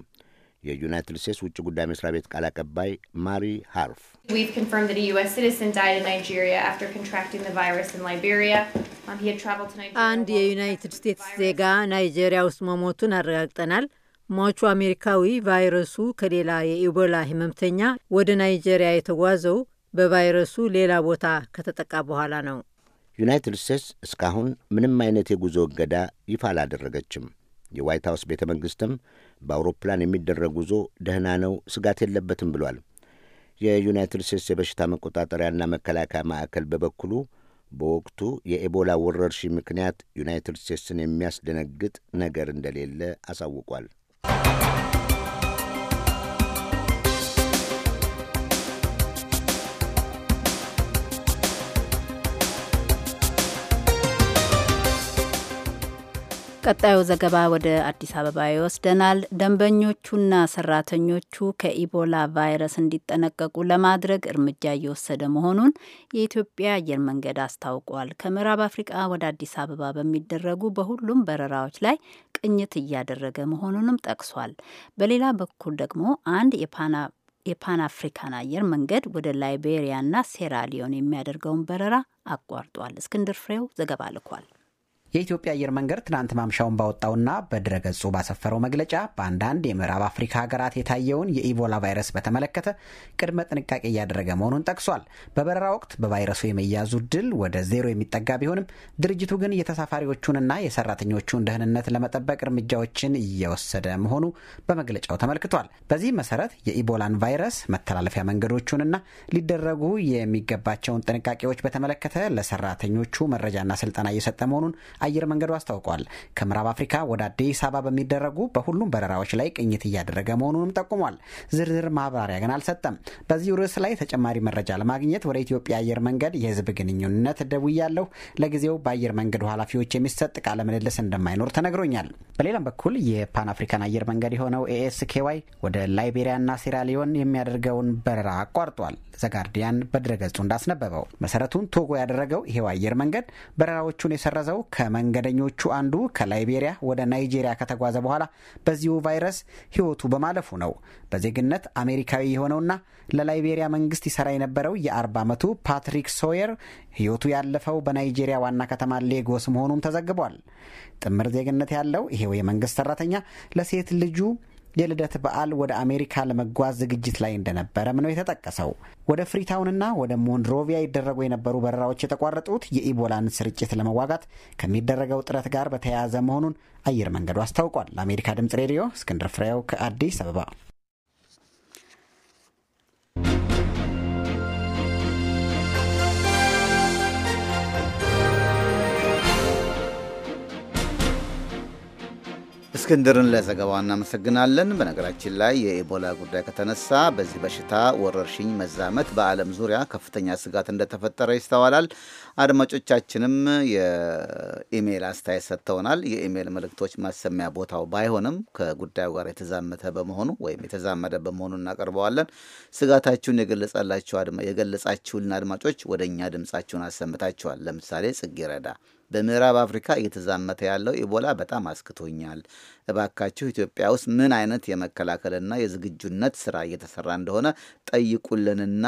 የዩናይትድ ስቴትስ ውጭ ጉዳይ መስሪያ ቤት ቃል አቀባይ ማሪ ሃርፍ um, አንድ የዩናይትድ ስቴትስ ዜጋ ናይጄሪያ ውስጥ መሞቱን አረጋግጠናል። ሟቹ አሜሪካዊ ቫይረሱ ከሌላ የኢቦላ ህመምተኛ ወደ ናይጄሪያ የተጓዘው በቫይረሱ ሌላ ቦታ ከተጠቃ በኋላ ነው። ዩናይትድ ስቴትስ እስካሁን ምንም አይነት የጉዞ እገዳ ይፋ አላደረገችም። የዋይት ሀውስ ቤተ መንግሥትም በአውሮፕላን የሚደረግ ጉዞ ደህና ነው፣ ስጋት የለበትም ብሏል። የዩናይትድ ስቴትስ የበሽታ መቆጣጠሪያና መከላከያ ማዕከል በበኩሉ በወቅቱ የኤቦላ ወረርሽኝ ምክንያት ዩናይትድ ስቴትስን የሚያስደነግጥ ነገር እንደሌለ አሳውቋል። Bye. ቀጣዩ ዘገባ ወደ አዲስ አበባ ይወስደናል። ደንበኞቹና ሰራተኞቹ ከኢቦላ ቫይረስ እንዲጠነቀቁ ለማድረግ እርምጃ እየወሰደ መሆኑን የኢትዮጵያ አየር መንገድ አስታውቋል። ከምዕራብ አፍሪቃ ወደ አዲስ አበባ በሚደረጉ በሁሉም በረራዎች ላይ ቅኝት እያደረገ መሆኑንም ጠቅሷል። በሌላ በኩል ደግሞ አንድ የፓና የፓን አፍሪካን አየር መንገድ ወደ ላይቤሪያና ሴራሊዮን የሚያደርገውን በረራ አቋርጧል። እስክንድር ፍሬው ዘገባ ልኳል። የኢትዮጵያ አየር መንገድ ትናንት ማምሻውን ባወጣውና በድረገጹ ባሰፈረው መግለጫ በአንዳንድ የምዕራብ አፍሪካ ሀገራት የታየውን የኢቦላ ቫይረስ በተመለከተ ቅድመ ጥንቃቄ እያደረገ መሆኑን ጠቅሷል። በበረራ ወቅት በቫይረሱ የመያዙ ድል ወደ ዜሮ የሚጠጋ ቢሆንም ድርጅቱ ግን የተሳፋሪዎቹንና የሰራተኞቹን ደህንነት ለመጠበቅ እርምጃዎችን እየወሰደ መሆኑ በመግለጫው ተመልክቷል። በዚህ መሰረት የኢቦላን ቫይረስ መተላለፊያ መንገዶቹንና ሊደረጉ የሚገባቸውን ጥንቃቄዎች በተመለከተ ለሰራተኞቹ መረጃና ስልጠና እየሰጠ መሆኑን አየር መንገዱ አስታውቋል። ከምዕራብ አፍሪካ ወደ አዲስ አበባ በሚደረጉ በሁሉም በረራዎች ላይ ቅኝት እያደረገ መሆኑንም ጠቁሟል። ዝርዝር ማብራሪያ ግን አልሰጠም። በዚሁ ርዕስ ላይ ተጨማሪ መረጃ ለማግኘት ወደ ኢትዮጵያ አየር መንገድ የህዝብ ግንኙነት ደውያለሁ። ለጊዜው በአየር መንገዱ ኃላፊዎች የሚሰጥ ቃለ ምልልስ እንደማይኖር ተነግሮኛል። በሌላም በኩል የፓን አፍሪካን አየር መንገድ የሆነው ኤኤስኬዋይ ወደ ላይቤሪያና ሴራሊዮን የሚያደርገውን በረራ አቋርጧል። ዘጋርዲያን በድረገጹ እንዳስነበበው መሰረቱን ቶጎ ያደረገው ይሄው አየር መንገድ በረራዎቹን የሰረዘው ከ ከመንገደኞቹ አንዱ ከላይቤሪያ ወደ ናይጄሪያ ከተጓዘ በኋላ በዚሁ ቫይረስ ሕይወቱ በማለፉ ነው። በዜግነት አሜሪካዊ የሆነውና ለላይቤሪያ መንግስት ይሰራ የነበረው የ40 ዓመቱ ፓትሪክ ሶየር ሕይወቱ ያለፈው በናይጄሪያ ዋና ከተማ ሌጎስ መሆኑም ተዘግቧል። ጥምር ዜግነት ያለው ይሄው የመንግስት ሰራተኛ ለሴት ልጁ የልደት በዓል ወደ አሜሪካ ለመጓዝ ዝግጅት ላይ እንደነበረም ነው የተጠቀሰው። ወደ ፍሪታውንና ወደ ሞንሮቪያ ይደረጉ የነበሩ በረራዎች የተቋረጡት የኢቦላን ስርጭት ለመዋጋት ከሚደረገው ጥረት ጋር በተያያዘ መሆኑን አየር መንገዱ አስታውቋል። ለአሜሪካ ድምጽ ሬዲዮ እስክንድር ፍሬው ከአዲስ አበባ እስክንድርን ለዘገባው እናመሰግናለን። በነገራችን ላይ የኢቦላ ጉዳይ ከተነሳ በዚህ በሽታ ወረርሽኝ መዛመት በዓለም ዙሪያ ከፍተኛ ስጋት እንደተፈጠረ ይስተዋላል። አድማጮቻችንም የኢሜይል አስተያየት ሰጥተውናል። የኢሜይል መልእክቶች ማሰሚያ ቦታው ባይሆንም ከጉዳዩ ጋር የተዛመተ በመሆኑ ወይም የተዛመደ በመሆኑ እናቀርበዋለን። ስጋታችሁን የገለጻችሁልን አድማጮች ወደ እኛ ድምጻችሁን አሰምታችኋል። ለምሳሌ ጽጌረዳ በምዕራብ አፍሪካ እየተዛመተ ያለው ኢቦላ በጣም አስክቶኛል። እባካችሁ ኢትዮጵያ ውስጥ ምን አይነት የመከላከልና የዝግጁነት ስራ እየተሰራ እንደሆነ ጠይቁልንና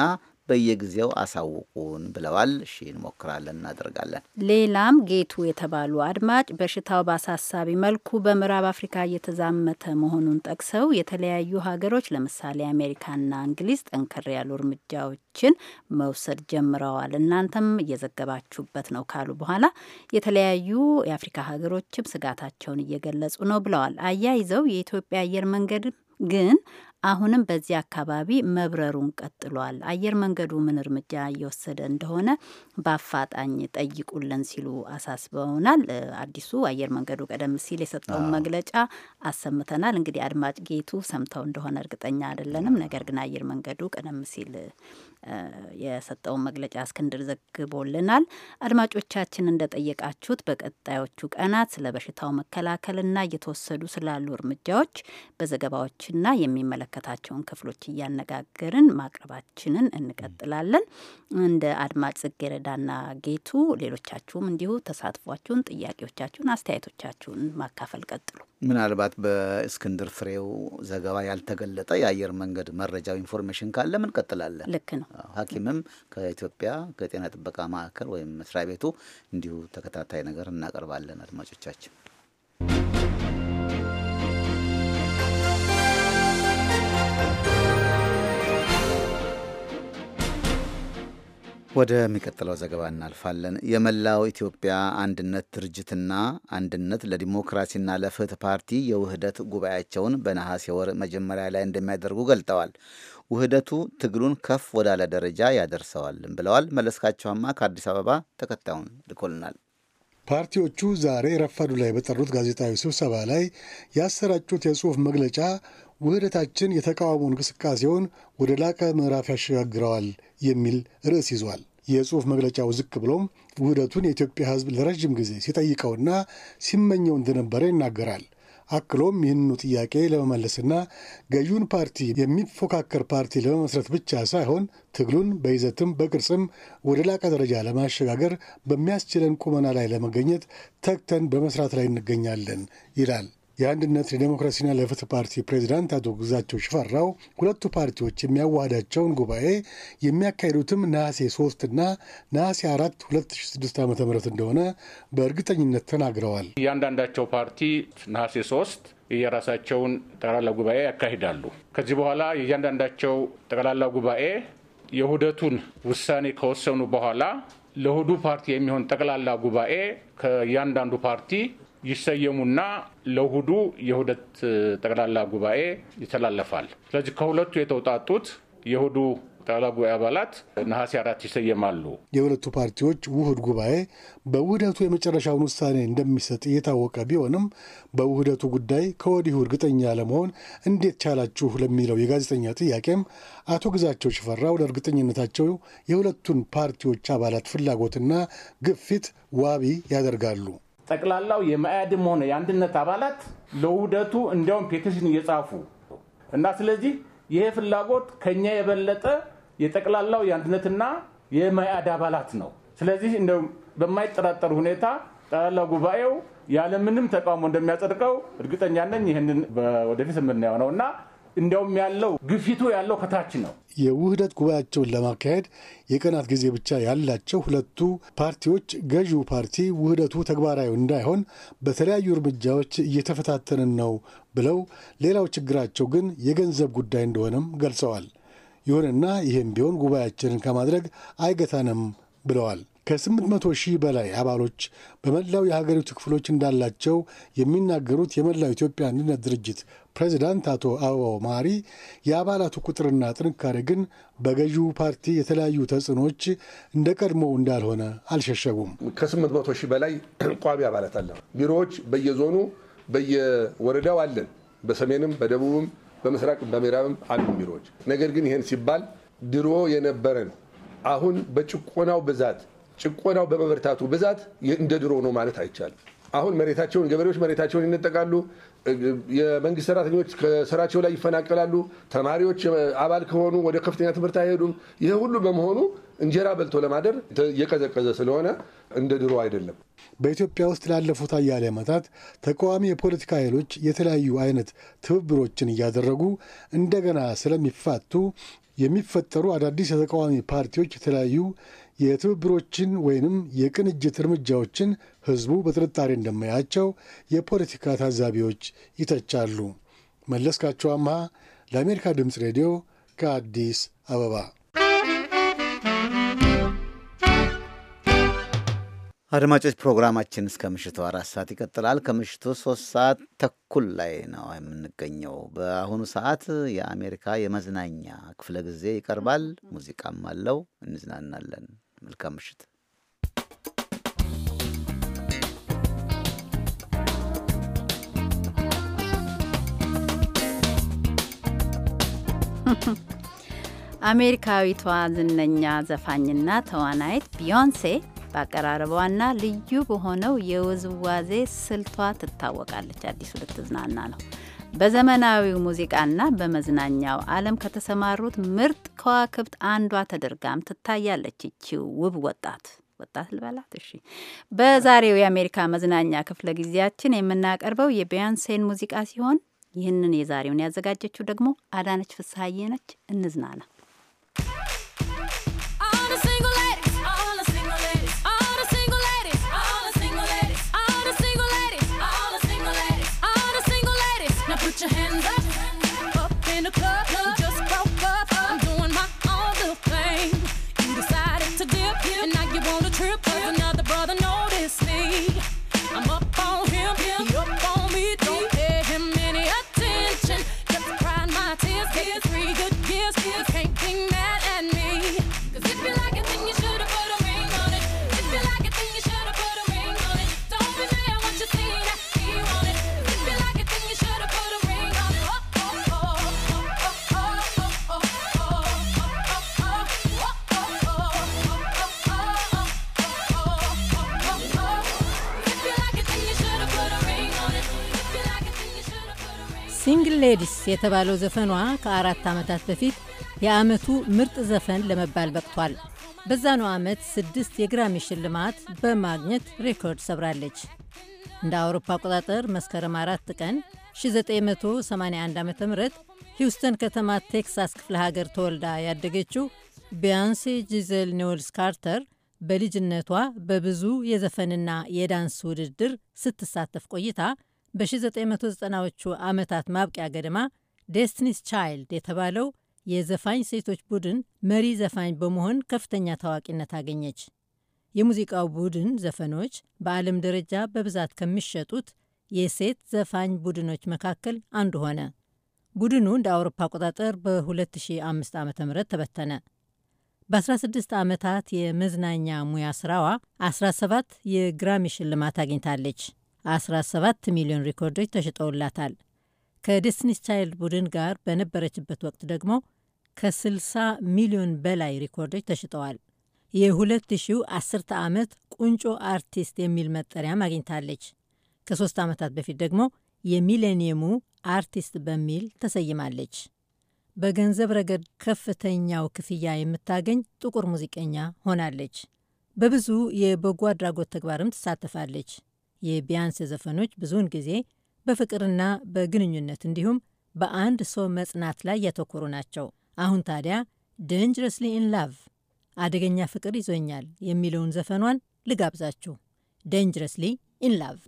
በየጊዜው አሳውቁን ብለዋል። እሺ እንሞክራለን፣ እናደርጋለን። ሌላም ጌቱ የተባሉ አድማጭ በሽታው በአሳሳቢ መልኩ በምዕራብ አፍሪካ እየተዛመተ መሆኑን ጠቅሰው የተለያዩ ሀገሮች ለምሳሌ አሜሪካና እንግሊዝ ጠንከር ያሉ እርምጃዎችን መውሰድ ጀምረዋል፣ እናንተም እየዘገባችሁበት ነው ካሉ በኋላ የተለያዩ የአፍሪካ ሀገሮችም ስጋታቸውን እየገለጹ ነው ብለዋል። አያይዘው የኢትዮጵያ አየር መንገድ ግን አሁንም በዚህ አካባቢ መብረሩን ቀጥሏል። አየር መንገዱ ምን እርምጃ እየወሰደ እንደሆነ በአፋጣኝ ጠይቁልን ሲሉ አሳስበውናል። አዲሱ አየር መንገዱ ቀደም ሲል የሰጠውን መግለጫ አሰምተናል። እንግዲህ አድማጭ ጌቱ ሰምተው እንደሆነ እርግጠኛ አይደለንም። ነገር ግን አየር መንገዱ ቀደም ሲል የሰጠውን መግለጫ እስክንድር ዘግቦልናል። አድማጮቻችን እንደጠየቃችሁት በቀጣዮቹ ቀናት ስለ በሽታው መከላከልና እየተወሰዱ ስላሉ እርምጃዎች በዘገባዎችና የሚመለከታቸውን ክፍሎች እያነጋገርን ማቅረባችንን እንቀጥላለን። እንደ አድማጭ ጽጌረዳና ጌቱ ሌሎቻችሁም እንዲሁ ተሳትፏችሁን፣ ጥያቄዎቻችሁን፣ አስተያየቶቻችሁን ማካፈል ቀጥሉ። ምናልባት በእስክንድር ፍሬው ዘገባ ያልተገለጠ የአየር መንገድ መረጃው ኢንፎርሜሽን ካለ ቀጥላለን? ልክ ነው። ሐኪምም ከኢትዮጵያ ከጤና ጥበቃ ማዕከል ወይም መስሪያ ቤቱ እንዲሁ ተከታታይ ነገር እናቀርባለን አድማጮቻችን። ወደሚቀጥለው ዘገባ እናልፋለን። የመላው ኢትዮጵያ አንድነት ድርጅትና አንድነት ለዲሞክራሲና ለፍትህ ፓርቲ የውህደት ጉባኤያቸውን በነሐሴ ወር መጀመሪያ ላይ እንደሚያደርጉ ገልጠዋል። ውህደቱ ትግሉን ከፍ ወዳለ ደረጃ ያደርሰዋልም ብለዋል። መለስካቸውማ ከአዲስ አበባ ተከታዩን ልኮልናል። ፓርቲዎቹ ዛሬ ረፋዱ ላይ በጠሩት ጋዜጣዊ ስብሰባ ላይ ያሰራጩት የጽሑፍ መግለጫ ውህደታችን የተቃውሞ እንቅስቃሴውን ወደ ላቀ ምዕራፍ ያሸጋግረዋል የሚል ርዕስ ይዟል። የጽሑፍ መግለጫው ዝቅ ብሎም ውህደቱን የኢትዮጵያ ሕዝብ ለረዥም ጊዜ ሲጠይቀውና ሲመኘው እንደነበረ ይናገራል። አክሎም ይህንኑ ጥያቄ ለመመለስና ገዢውን ፓርቲ የሚፎካከር ፓርቲ ለመመስረት ብቻ ሳይሆን ትግሉን በይዘትም በቅርጽም ወደ ላቀ ደረጃ ለማሸጋገር በሚያስችለን ቁመና ላይ ለመገኘት ተግተን በመስራት ላይ እንገኛለን ይላል። የአንድነት ለዲሞክራሲና ለፍትህ ፓርቲ ፕሬዚዳንት አቶ ግዛቸው ሽፈራው ሁለቱ ፓርቲዎች የሚያዋህዳቸውን ጉባኤ የሚያካሂዱትም ነሐሴ እና ነሐሴ 4 ሁለት ዓ ም እንደሆነ በእርግጠኝነት ተናግረዋል። እያንዳንዳቸው ፓርቲ ነሐሴ ሶስት የራሳቸውን ጠቅላላ ጉባኤ ያካሂዳሉ። ከዚህ በኋላ የእያንዳንዳቸው ጠቅላላ ጉባኤ የውህደቱን ውሳኔ ከወሰኑ በኋላ ለሁዱ ፓርቲ የሚሆን ጠቅላላ ጉባኤ ከእያንዳንዱ ፓርቲ ይሰየሙና ለእሁዱ የሁደት ጠቅላላ ጉባኤ ይተላለፋል። ስለዚህ ከሁለቱ የተውጣጡት የእሁዱ ጠቅላላ ጉባኤ አባላት ነሐሴ አራት ይሰየማሉ። የሁለቱ ፓርቲዎች ውህድ ጉባኤ በውህደቱ የመጨረሻውን ውሳኔ እንደሚሰጥ እየታወቀ ቢሆንም በውህደቱ ጉዳይ ከወዲሁ እርግጠኛ ለመሆን እንዴት ቻላችሁ ለሚለው የጋዜጠኛ ጥያቄም አቶ ግዛቸው ሽፈራው ለእርግጠኝነታቸው የሁለቱን ፓርቲዎች አባላት ፍላጎትና ግፊት ዋቢ ያደርጋሉ። ጠቅላላው የመኢአድም ሆነ የአንድነት አባላት ለውህደቱ እንዲያውም ፔቲሽን እየጻፉ እና ስለዚህ ይሄ ፍላጎት ከኛ የበለጠ የጠቅላላው የአንድነትና የመያድ አባላት ነው። ስለዚህ እንደው በማይጠራጠር ሁኔታ ጠቅላላ ጉባኤው ያለምንም ተቃውሞ እንደሚያጸድቀው እርግጠኛ ነኝ። ይህንን ወደፊት የምናየው ነው እና እንዲያውም ያለው ግፊቱ ያለው ከታች ነው። የውህደት ጉባኤያቸውን ለማካሄድ የቀናት ጊዜ ብቻ ያላቸው ሁለቱ ፓርቲዎች ገዢው ፓርቲ ውህደቱ ተግባራዊ እንዳይሆን በተለያዩ እርምጃዎች እየተፈታተንን ነው ብለው፣ ሌላው ችግራቸው ግን የገንዘብ ጉዳይ እንደሆነም ገልጸዋል። ይሁንና ይህም ቢሆን ጉባኤያችንን ከማድረግ አይገታንም ብለዋል። ከ800 ሺህ በላይ አባሎች በመላው የሀገሪቱ ክፍሎች እንዳላቸው የሚናገሩት የመላው ኢትዮጵያ አንድነት ድርጅት ፕሬዚዳንት አቶ አበባው ማሪ የአባላቱ ቁጥርና ጥንካሬ ግን በገዢው ፓርቲ የተለያዩ ተጽዕኖዎች እንደ ቀድሞ እንዳልሆነ አልሸሸጉም። ከ800 ሺህ በላይ ቋሚ አባላት አለ። ቢሮዎች በየዞኑ በየወረዳው አለን። በሰሜንም በደቡብም በምስራቅም በምዕራብም አሉ ቢሮዎች። ነገር ግን ይህን ሲባል ድሮ የነበረን አሁን በጭቆናው ብዛት ጭቆናው በመበርታቱ ብዛት እንደ ድሮ ነው ማለት አይቻልም። አሁን መሬታቸውን ገበሬዎች መሬታቸውን ይነጠቃሉ። የመንግስት ሰራተኞች ከስራቸው ላይ ይፈናቀላሉ። ተማሪዎች አባል ከሆኑ ወደ ከፍተኛ ትምህርት አይሄዱም። ይህ ሁሉ በመሆኑ እንጀራ በልቶ ለማደር እየቀዘቀዘ ስለሆነ እንደ ድሮ አይደለም። በኢትዮጵያ ውስጥ ላለፉት አያሌ ዓመታት ተቃዋሚ የፖለቲካ ኃይሎች የተለያዩ አይነት ትብብሮችን እያደረጉ እንደገና ስለሚፋቱ የሚፈጠሩ አዳዲስ የተቃዋሚ ፓርቲዎች የተለያዩ የትብብሮችን ወይንም የቅንጅት እርምጃዎችን ህዝቡ በጥርጣሬ እንደማያቸው የፖለቲካ ታዛቢዎች ይተቻሉ። መለስካቸው አምሃ ለአሜሪካ ድምፅ ሬዲዮ ከአዲስ አበባ። አድማጮች ፕሮግራማችን እስከ ምሽቱ አራት ሰዓት ይቀጥላል። ከምሽቱ ሶስት ሰዓት ተኩል ላይ ነው የምንገኘው። በአሁኑ ሰዓት የአሜሪካ የመዝናኛ ክፍለ ጊዜ ይቀርባል። ሙዚቃም አለው። እንዝናናለን። መልካም ምሽት። አሜሪካዊቷ ዝነኛ ዘፋኝና ተዋናይት ቢዮንሴ በአቀራረቧና ልዩ በሆነው የውዝዋዜ ስልቷ ትታወቃለች። አዲሱ ልትዝናና ነው። በዘመናዊው ሙዚቃና በመዝናኛው ዓለም ከተሰማሩት ምርጥ ከዋክብት አንዷ ተደርጋም ትታያለች። ይቺው ውብ ወጣት ወጣት ልበላት። እሺ፣ በዛሬው የአሜሪካ መዝናኛ ክፍለ ጊዜያችን የምናቀርበው የቢያንሴን ሙዚቃ ሲሆን ይህንን የዛሬውን ያዘጋጀችው ደግሞ አዳነች ፍስሀዬ ነች። እንዝናና። ሲንግል ሌዲስ የተባለው ዘፈኗ ከአራት ዓመታት በፊት የዓመቱ ምርጥ ዘፈን ለመባል በቅቷል። በዛኑ ዓመት ስድስት የግራሚ ሽልማት በማግኘት ሬኮርድ ሰብራለች። እንደ አውሮፓ አቆጣጠር መስከረም አራት ቀን 1981 ዓ ም ሂውስተን ከተማ ቴክሳስ ክፍለ ሀገር ተወልዳ ያደገችው ቢያንሴ ጂዘል ኒውልስ ካርተር በልጅነቷ በብዙ የዘፈንና የዳንስ ውድድር ስትሳተፍ ቆይታ በ1990ዎቹ ዓመታት ማብቂያ ገደማ ዴስቲኒስ ቻይልድ የተባለው የዘፋኝ ሴቶች ቡድን መሪ ዘፋኝ በመሆን ከፍተኛ ታዋቂነት አገኘች። የሙዚቃው ቡድን ዘፈኖች በዓለም ደረጃ በብዛት ከሚሸጡት የሴት ዘፋኝ ቡድኖች መካከል አንዱ ሆነ። ቡድኑ እንደ አውሮፓ አቆጣጠር በ2005 ዓ ም ተበተነ። በ16 ዓመታት የመዝናኛ ሙያ ስራዋ 17 የግራሚ ሽልማት አግኝታለች። 17 ሚሊዮን ሪኮርዶች ተሽጠውላታል። ከዴስቲኒስ ቻይልድ ቡድን ጋር በነበረችበት ወቅት ደግሞ ከ60 ሚሊዮን በላይ ሪኮርዶች ተሽጠዋል። የ2010 ዓመት ቁንጮ አርቲስት የሚል መጠሪያም አግኝታለች። ከሶስት ዓመታት በፊት ደግሞ የሚሌኒየሙ አርቲስት በሚል ተሰይማለች። በገንዘብ ረገድ ከፍተኛው ክፍያ የምታገኝ ጥቁር ሙዚቀኛ ሆናለች። በብዙ የበጎ አድራጎት ተግባርም ትሳተፋለች። የቢያንሴ ዘፈኖች ብዙውን ጊዜ በፍቅርና በግንኙነት እንዲሁም በአንድ ሰው መጽናት ላይ ያተኮሩ ናቸው። አሁን ታዲያ ደንጀረስሊ ኢን ላቭ አደገኛ ፍቅር ይዞኛል የሚለውን ዘፈኗን ልጋብዛችሁ። ደንጀረስሊ ኢን ላቭ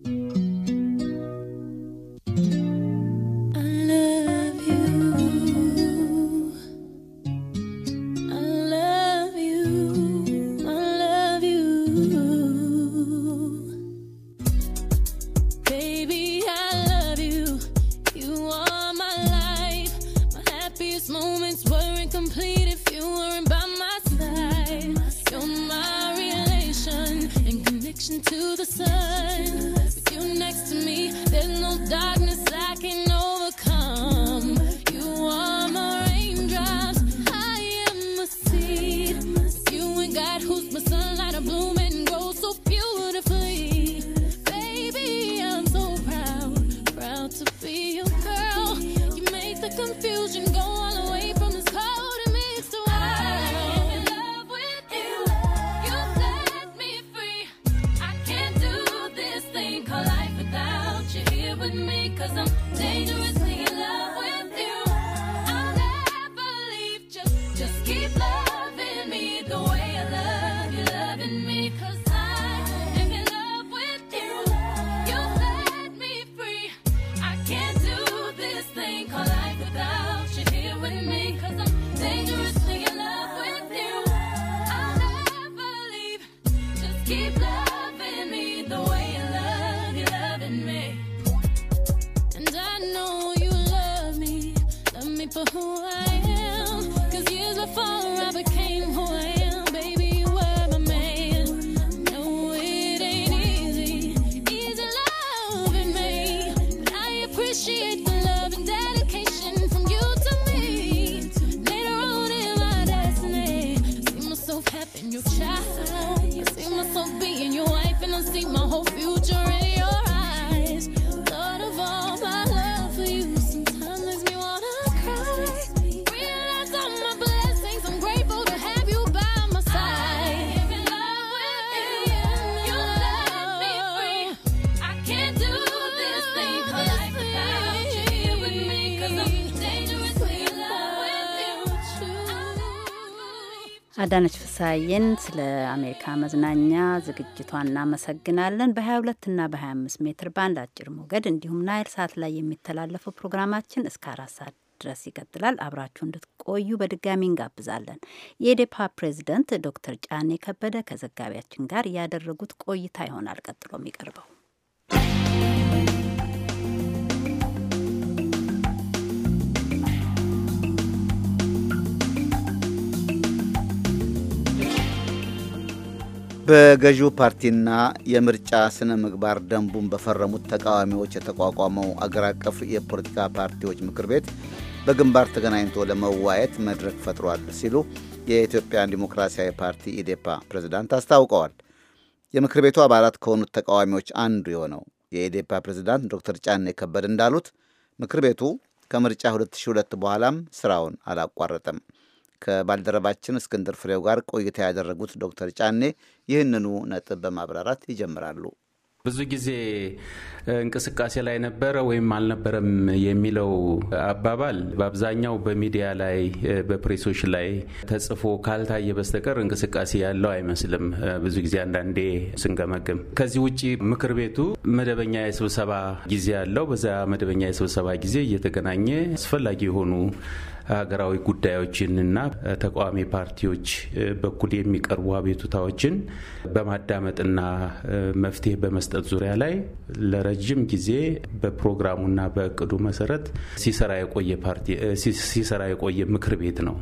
አዳነች ፍሳዬን ስለ አሜሪካ መዝናኛ ዝግጅቷ እናመሰግናለን። በ22 እና በ25 ሜትር ባንድ አጭር ሞገድ እንዲሁም ናይል ሰዓት ላይ የሚተላለፈው ፕሮግራማችን እስከ አራት ሰዓት ድረስ ይቀጥላል። አብራችሁ እንድትቆዩ በድጋሚ እንጋብዛለን። የኢዴፓ ፕሬዝደንት ዶክተር ጫኔ ከበደ ከዘጋቢያችን ጋር ያደረጉት ቆይታ ይሆናል ቀጥሎ የሚቀርበው። በገዢው ፓርቲና የምርጫ ስነ ምግባር ደንቡን በፈረሙት ተቃዋሚዎች የተቋቋመው አገር አቀፍ የፖለቲካ ፓርቲዎች ምክር ቤት በግንባር ተገናኝቶ ለመዋየት መድረክ ፈጥሯል ሲሉ የኢትዮጵያን ዲሞክራሲያዊ ፓርቲ ኢዴፓ ፕሬዝዳንት አስታውቀዋል። የምክር ቤቱ አባላት ከሆኑት ተቃዋሚዎች አንዱ የሆነው የኢዴፓ ፕሬዝዳንት ዶክተር ጫኔ ከበድ እንዳሉት ምክር ቤቱ ከምርጫ 2002 በኋላም ስራውን አላቋረጠም። ከባልደረባችን እስክንድር ፍሬው ጋር ቆይታ ያደረጉት ዶክተር ጫኔ ይህንኑ ነጥብ በማብራራት ይጀምራሉ። ብዙ ጊዜ እንቅስቃሴ ላይ ነበረ ወይም አልነበረም የሚለው አባባል በአብዛኛው በሚዲያ ላይ በፕሬሶች ላይ ተጽፎ ካልታየ በስተቀር እንቅስቃሴ ያለው አይመስልም። ብዙ ጊዜ አንዳንዴ ስንገመግም ከዚህ ውጭ ምክር ቤቱ መደበኛ የስብሰባ ጊዜ አለው። በዛ መደበኛ የስብሰባ ጊዜ እየተገናኘ አስፈላጊ የሆኑ ሀገራዊ ጉዳዮችንና ተቃዋሚ ፓርቲዎች በኩል የሚቀርቡ አቤቱታዎችን በማዳመጥና መፍትሄ በመስጠት ዙሪያ ላይ ለረጅም ጊዜ በፕሮግራሙና በእቅዱ መሰረት ሲሰራ የቆየ ፓርቲ ሲሰራ የቆየ ምክር ቤት ነው።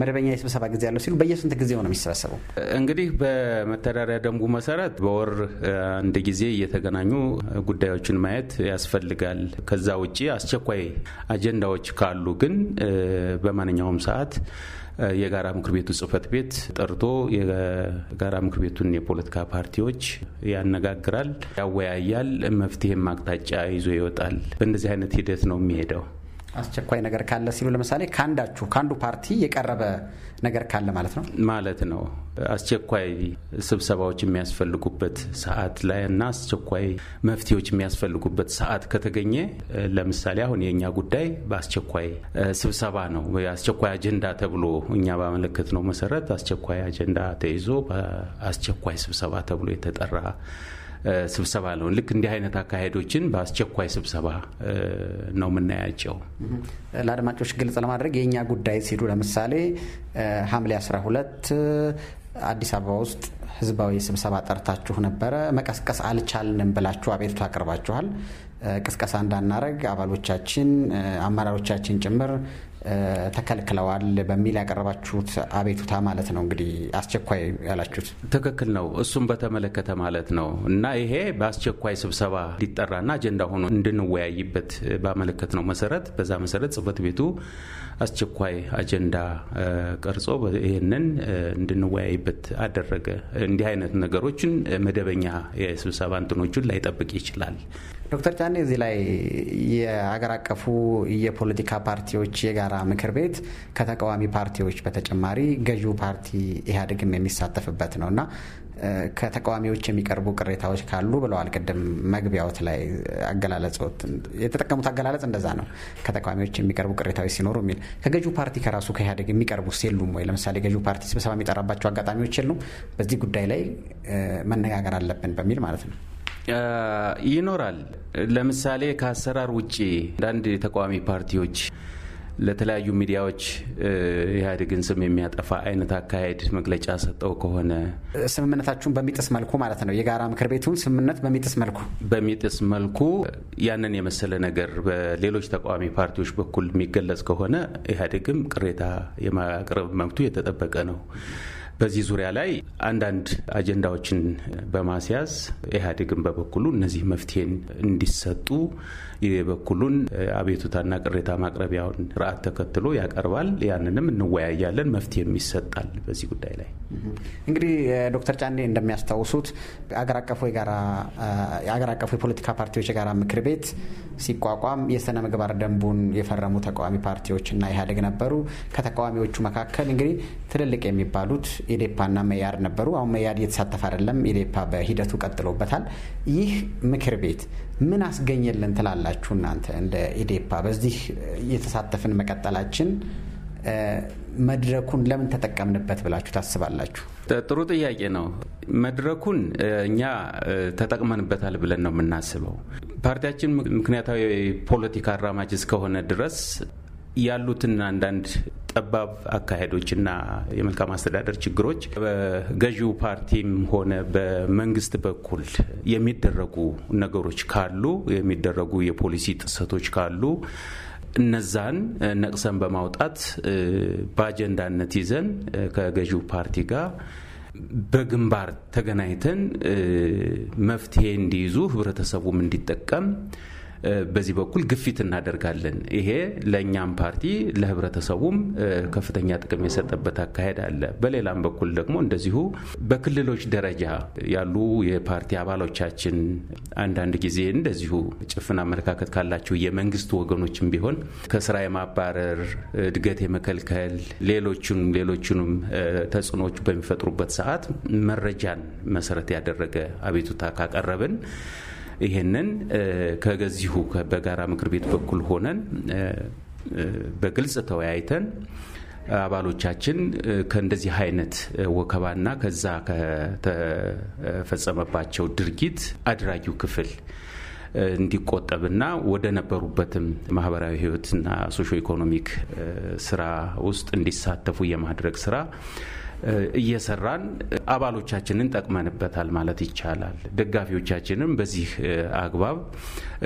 መደበኛ የስብሰባ ጊዜ ያለው ሲሉ በየስንት ጊዜው ነው የሚሰበሰበው? እንግዲህ በመተዳደሪያ ደንቡ መሰረት በወር አንድ ጊዜ እየተገናኙ ጉዳዮችን ማየት ያስፈልጋል። ከዛ ውጭ አስቸኳይ አጀንዳዎች ካሉ ግን በማንኛውም ሰዓት የጋራ ምክር ቤቱ ጽህፈት ቤት ጠርቶ የጋራ ምክር ቤቱን የፖለቲካ ፓርቲዎች ያነጋግራል፣ ያወያያል፣ መፍትሄም አቅጣጫ ይዞ ይወጣል። በእንደዚህ አይነት ሂደት ነው የሚሄደው። አስቸኳይ ነገር ካለ ሲሉ ለምሳሌ ከአንዳችሁ ከአንዱ ፓርቲ የቀረበ ነገር ካለ ማለት ነው ማለት ነው። አስቸኳይ ስብሰባዎች የሚያስፈልጉበት ሰዓት ላይ እና አስቸኳይ መፍትሄዎች የሚያስፈልጉበት ሰዓት ከተገኘ ለምሳሌ አሁን የእኛ ጉዳይ በአስቸኳይ ስብሰባ ነው። አስቸኳይ አጀንዳ ተብሎ እኛ ባመለከት ነው መሰረት አስቸኳይ አጀንዳ ተይዞ በአስቸኳይ ስብሰባ ተብሎ የተጠራ ስብሰባ ለሆን ልክ እንዲህ አይነት አካሄዶችን በአስቸኳይ ስብሰባ ነው የምናያቸው። ለአድማጮች ግልጽ ለማድረግ የእኛ ጉዳይ ሲሉ ለምሳሌ ሐምሌ 12 አዲስ አበባ ውስጥ ህዝባዊ ስብሰባ ጠርታችሁ ነበረ። መቀስቀስ አልቻልንም ብላችሁ አቤቱታ አቅርባችኋል። ቅስቀሳ እንዳናረግ አባሎቻችን፣ አመራሮቻችን ጭምር ተከልክለዋል በሚል ያቀረባችሁት አቤቱታ ማለት ነው። እንግዲህ አስቸኳይ ያላችሁት ትክክል ነው። እሱም በተመለከተ ማለት ነው እና ይሄ በአስቸኳይ ስብሰባ እንዲጠራና አጀንዳ ሆኖ እንድንወያይበት ባመለከት ነው መሰረት በዛ መሰረት ጽህፈት ቤቱ አስቸኳይ አጀንዳ ቀርጾ ይህንን እንድንወያይበት አደረገ። እንዲህ አይነት ነገሮችን መደበኛ የስብሰባ እንትኖቹን ላይጠብቅ ይችላል። ዶክተር ጫኔ እዚህ ላይ የአገር አቀፉ የፖለቲካ ፓርቲዎች የጋራ ምክር ቤት ከተቃዋሚ ፓርቲዎች በተጨማሪ ገዢው ፓርቲ ኢህአዴግም የሚሳተፍበት ነው እና ከተቃዋሚዎች የሚቀርቡ ቅሬታዎች ካሉ ብለዋል። ቅድም መግቢያዎት ላይ አገላለጽት የተጠቀሙት አገላለጽ እንደዛ ነው። ከተቃዋሚዎች የሚቀርቡ ቅሬታዎች ሲኖሩ የሚል ከገዢው ፓርቲ ከራሱ ከኢህአዴግ የሚቀርቡ የሉም ወይ? ለምሳሌ ገዢው ፓርቲ ስብሰባ የሚጠራባቸው አጋጣሚዎች የሉም። በዚህ ጉዳይ ላይ መነጋገር አለብን በሚል ማለት ነው ይኖራል። ለምሳሌ ከአሰራር ውጭ አንዳንድ ተቃዋሚ ፓርቲዎች ለተለያዩ ሚዲያዎች ኢህአዴግን ስም የሚያጠፋ አይነት አካሄድ መግለጫ ሰጠው ከሆነ ስምምነታችሁን በሚጥስ መልኩ ማለት ነው፣ የጋራ ምክር ቤቱን ስምምነት በሚጥስ መልኩ በሚጥስ መልኩ ያንን የመሰለ ነገር በሌሎች ተቃዋሚ ፓርቲዎች በኩል የሚገለጽ ከሆነ ኢህአዴግም ቅሬታ የማቅረብ መብቱ የተጠበቀ ነው። በዚህ ዙሪያ ላይ አንዳንድ አጀንዳዎችን በማስያዝ ኢህአዴግን በበኩሉ እነዚህ መፍትሄን እንዲሰጡ የበኩሉን አቤቱታና ቅሬታ ማቅረቢያውን ስርዓት ተከትሎ ያቀርባል። ያንንም እንወያያለን፣ መፍትሄም ይሰጣል በዚህ ጉዳይ ላይ እንግዲህ ዶክተር ጫኔ እንደሚያስታውሱት አገር አቀፉ የአገር አቀፉ የፖለቲካ ፓርቲዎች የጋራ ምክር ቤት ሲቋቋም የስነ ምግባር ደንቡን የፈረሙ ተቃዋሚ ፓርቲዎችና ኢህአዴግ ነበሩ። ከተቃዋሚዎቹ መካከል እንግዲህ ትልልቅ የሚባሉት ኢዴፓና መያድ ነበሩ። አሁን መያድ እየተሳተፈ አይደለም። ኢዴፓ በሂደቱ ቀጥሎበታል። ይህ ምክር ቤት ምን አስገኘልን ትላላችሁ እናንተ እንደ ኢዴፓ? በዚህ እየተሳተፍን መቀጠላችን መድረኩን ለምን ተጠቀምንበት ብላችሁ ታስባላችሁ? ጥሩ ጥያቄ ነው። መድረኩን እኛ ተጠቅመንበታል ብለን ነው የምናስበው። ፓርቲያችን ምክንያታዊ ፖለቲካ አራማጅ እስከሆነ ድረስ ያሉትን አንዳንድ ጠባብ አካሄዶችና የመልካም አስተዳደር ችግሮች በገዢው ፓርቲም ሆነ በመንግስት በኩል የሚደረጉ ነገሮች ካሉ የሚደረጉ የፖሊሲ ጥሰቶች ካሉ እነዛን ነቅሰን በማውጣት በአጀንዳነት ይዘን ከገዢው ፓርቲ ጋር በግንባር ተገናኝተን መፍትሄ እንዲይዙ ህብረተሰቡም እንዲጠቀም በዚህ በኩል ግፊት እናደርጋለን። ይሄ ለእኛም ፓርቲ ለህብረተሰቡም ከፍተኛ ጥቅም የሰጠበት አካሄድ አለ። በሌላም በኩል ደግሞ እንደዚሁ በክልሎች ደረጃ ያሉ የፓርቲ አባሎቻችን አንዳንድ ጊዜ እንደዚሁ ጭፍን አመለካከት ካላቸው የመንግስት ወገኖችም ቢሆን ከስራ የማባረር እድገት የመከልከል ሌሎቹንም ሌሎቹንም ተጽዕኖዎች በሚፈጥሩበት ሰዓት መረጃን መሰረት ያደረገ አቤቱታ ካቀረብን ይሄንን ከገዚሁ በጋራ ምክር ቤት በኩል ሆነን በግልጽ ተወያይተን አባሎቻችን ከእንደዚህ አይነት ወከባና ከዛ ከተፈጸመባቸው ድርጊት አድራጊው ክፍል እንዲቆጠብና ወደ ነበሩበትም ማህበራዊ ህይወትና ሶሾ ኢኮኖሚክ ስራ ውስጥ እንዲሳተፉ የማድረግ ስራ እየሰራን አባሎቻችንን ጠቅመንበታል ማለት ይቻላል። ደጋፊዎቻችንም በዚህ አግባብ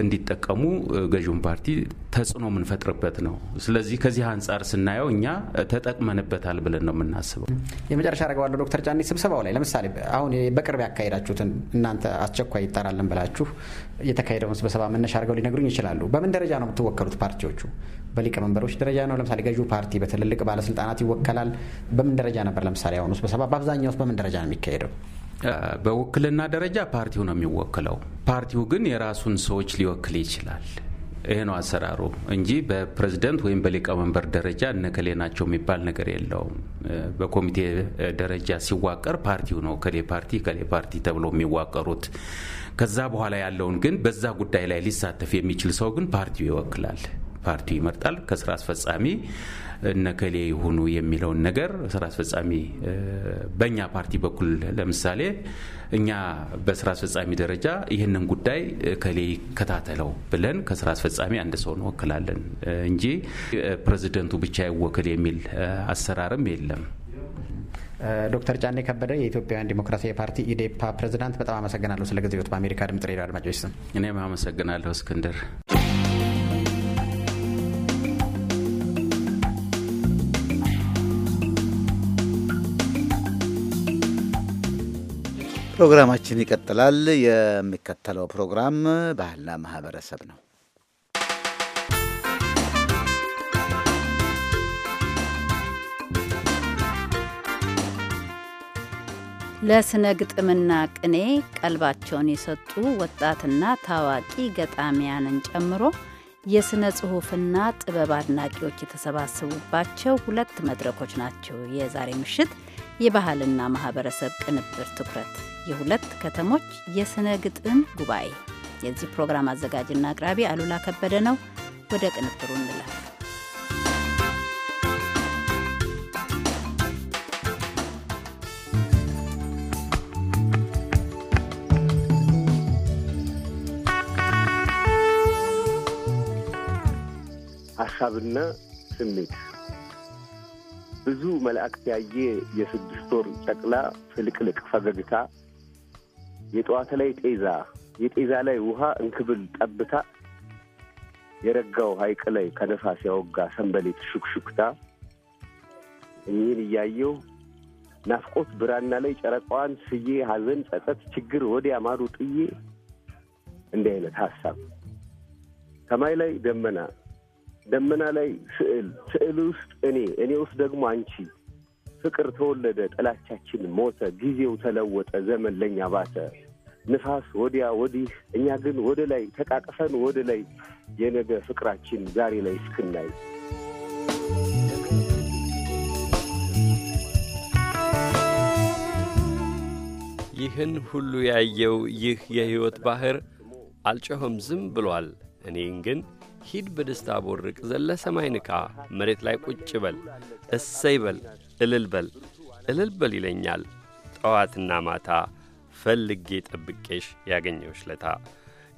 እንዲጠቀሙ ገዥውን ፓርቲ ተጽዕኖ የምንፈጥርበት ነው። ስለዚህ ከዚህ አንጻር ስናየው እኛ ተጠቅመንበታል ብለን ነው የምናስበው። የመጨረሻ አደርገዋለሁ። ዶክተር ጫኔ ስብሰባው ላይ ለምሳሌ አሁን በቅርብ ያካሄዳችሁትን እናንተ አስቸኳይ ይጠራለን ብላችሁ የተካሄደውን ስብሰባ መነሻ አድርገው ሊነግሩኝ ይችላሉ። በምን ደረጃ ነው የምትወከሉት ፓርቲዎቹ? በሊቀመንበሮች ደረጃ ነው? ለምሳሌ ገዢው ፓርቲ በትልልቅ ባለስልጣናት ይወከላል። በምን ደረጃ ነበር? ለምሳሌ አሁኑ ስብሰባ በአብዛኛው ውስጥ በምን ደረጃ ነው የሚካሄደው? በውክልና ደረጃ ፓርቲው ነው የሚወክለው። ፓርቲው ግን የራሱን ሰዎች ሊወክል ይችላል። ይሄ ነው አሰራሩ እንጂ በፕሬዝደንት ወይም በሊቀመንበር ደረጃ እነከሌ ናቸው የሚባል ነገር የለውም። በኮሚቴ ደረጃ ሲዋቀር ፓርቲው ነው ከሌ ፓርቲ ከሌ ፓርቲ ተብሎ የሚዋቀሩት። ከዛ በኋላ ያለውን ግን በዛ ጉዳይ ላይ ሊሳተፍ የሚችል ሰው ግን ፓርቲው ይወክላል። ፓርቲ ይመርጣል። ከስራ አስፈጻሚ እነከሌ ይሁኑ የሚለውን ነገር ስራ አስፈጻሚ በእኛ ፓርቲ በኩል ለምሳሌ እኛ በስራ አስፈጻሚ ደረጃ ይህንን ጉዳይ ከሌ ይከታተለው ብለን ከስራ አስፈጻሚ አንድ ሰው እንወክላለን እንጂ ፕሬዚደንቱ ብቻ ይወክል የሚል አሰራርም የለም። ዶክተር ጫኔ ከበደ የኢትዮጵያውያን ዲሞክራሲያዊ ፓርቲ ኢዴፓ ፕሬዚዳንት፣ በጣም አመሰግናለሁ ስለ ጊዜዎት። በአሜሪካ ድምጽ ሬዲዮ አድማጮች ስም እኔም አመሰግናለሁ እስክንድር። ፕሮግራማችን ይቀጥላል። የሚከተለው ፕሮግራም ባህልና ማህበረሰብ ነው። ለስነ ግጥምና ቅኔ ቀልባቸውን የሰጡ ወጣትና ታዋቂ ገጣሚያንን ጨምሮ የሥነ ጽሑፍና ጥበብ አድናቂዎች የተሰባሰቡባቸው ሁለት መድረኮች ናቸው የዛሬ ምሽት የባህልና ማህበረሰብ ቅንብር ትኩረት የሁለት ከተሞች የሥነ ግጥም ጉባኤ። የዚህ ፕሮግራም አዘጋጅና አቅራቢ አሉላ ከበደ ነው። ወደ ቅንብሩ እንለፍ። ሀሳብና ስሜት ብዙ መላእክት ያየ የስድስት ወር ጨቅላ ፍልቅልቅ ፈገግታ፣ የጠዋት ላይ ጤዛ የጤዛ ላይ ውሃ እንክብል ጠብታ፣ የረጋው ሐይቅ ላይ ከነፋስ ያወጋ ሰንበሌት ሹክሹክታ እኚህን እያየው ናፍቆት ብራና ላይ ጨረቃዋን ስዬ ሐዘን ጸጸት ችግር ወዲያ ማዶ ጥዬ እንዲህ አይነት ሀሳብ ሰማይ ላይ ደመና ደመና ላይ ስዕል፣ ስዕል ውስጥ እኔ፣ እኔ ውስጥ ደግሞ አንቺ። ፍቅር ተወለደ፣ ጠላቻችን ሞተ፣ ጊዜው ተለወጠ፣ ዘመን ለእኛ ባተ። ንፋስ ወዲያ ወዲህ፣ እኛ ግን ወደ ላይ ተቃቅፈን ወደ ላይ የነገ ፍቅራችን ዛሬ ላይ እስክናይ ይህን ሁሉ ያየው ይህ የሕይወት ባሕር አልጮኸም፣ ዝም ብሏል። እኔን ግን ሂድ በደስታ ቦርቅ፣ ዘለ ሰማይ ንካ፣ መሬት ላይ ቁጭ በል፣ እሰይ በል፣ እልል በል፣ እልል በል ይለኛል ጠዋትና ማታ ፈልጌ ጠብቄሽ ያገኘሁሽ ለታ።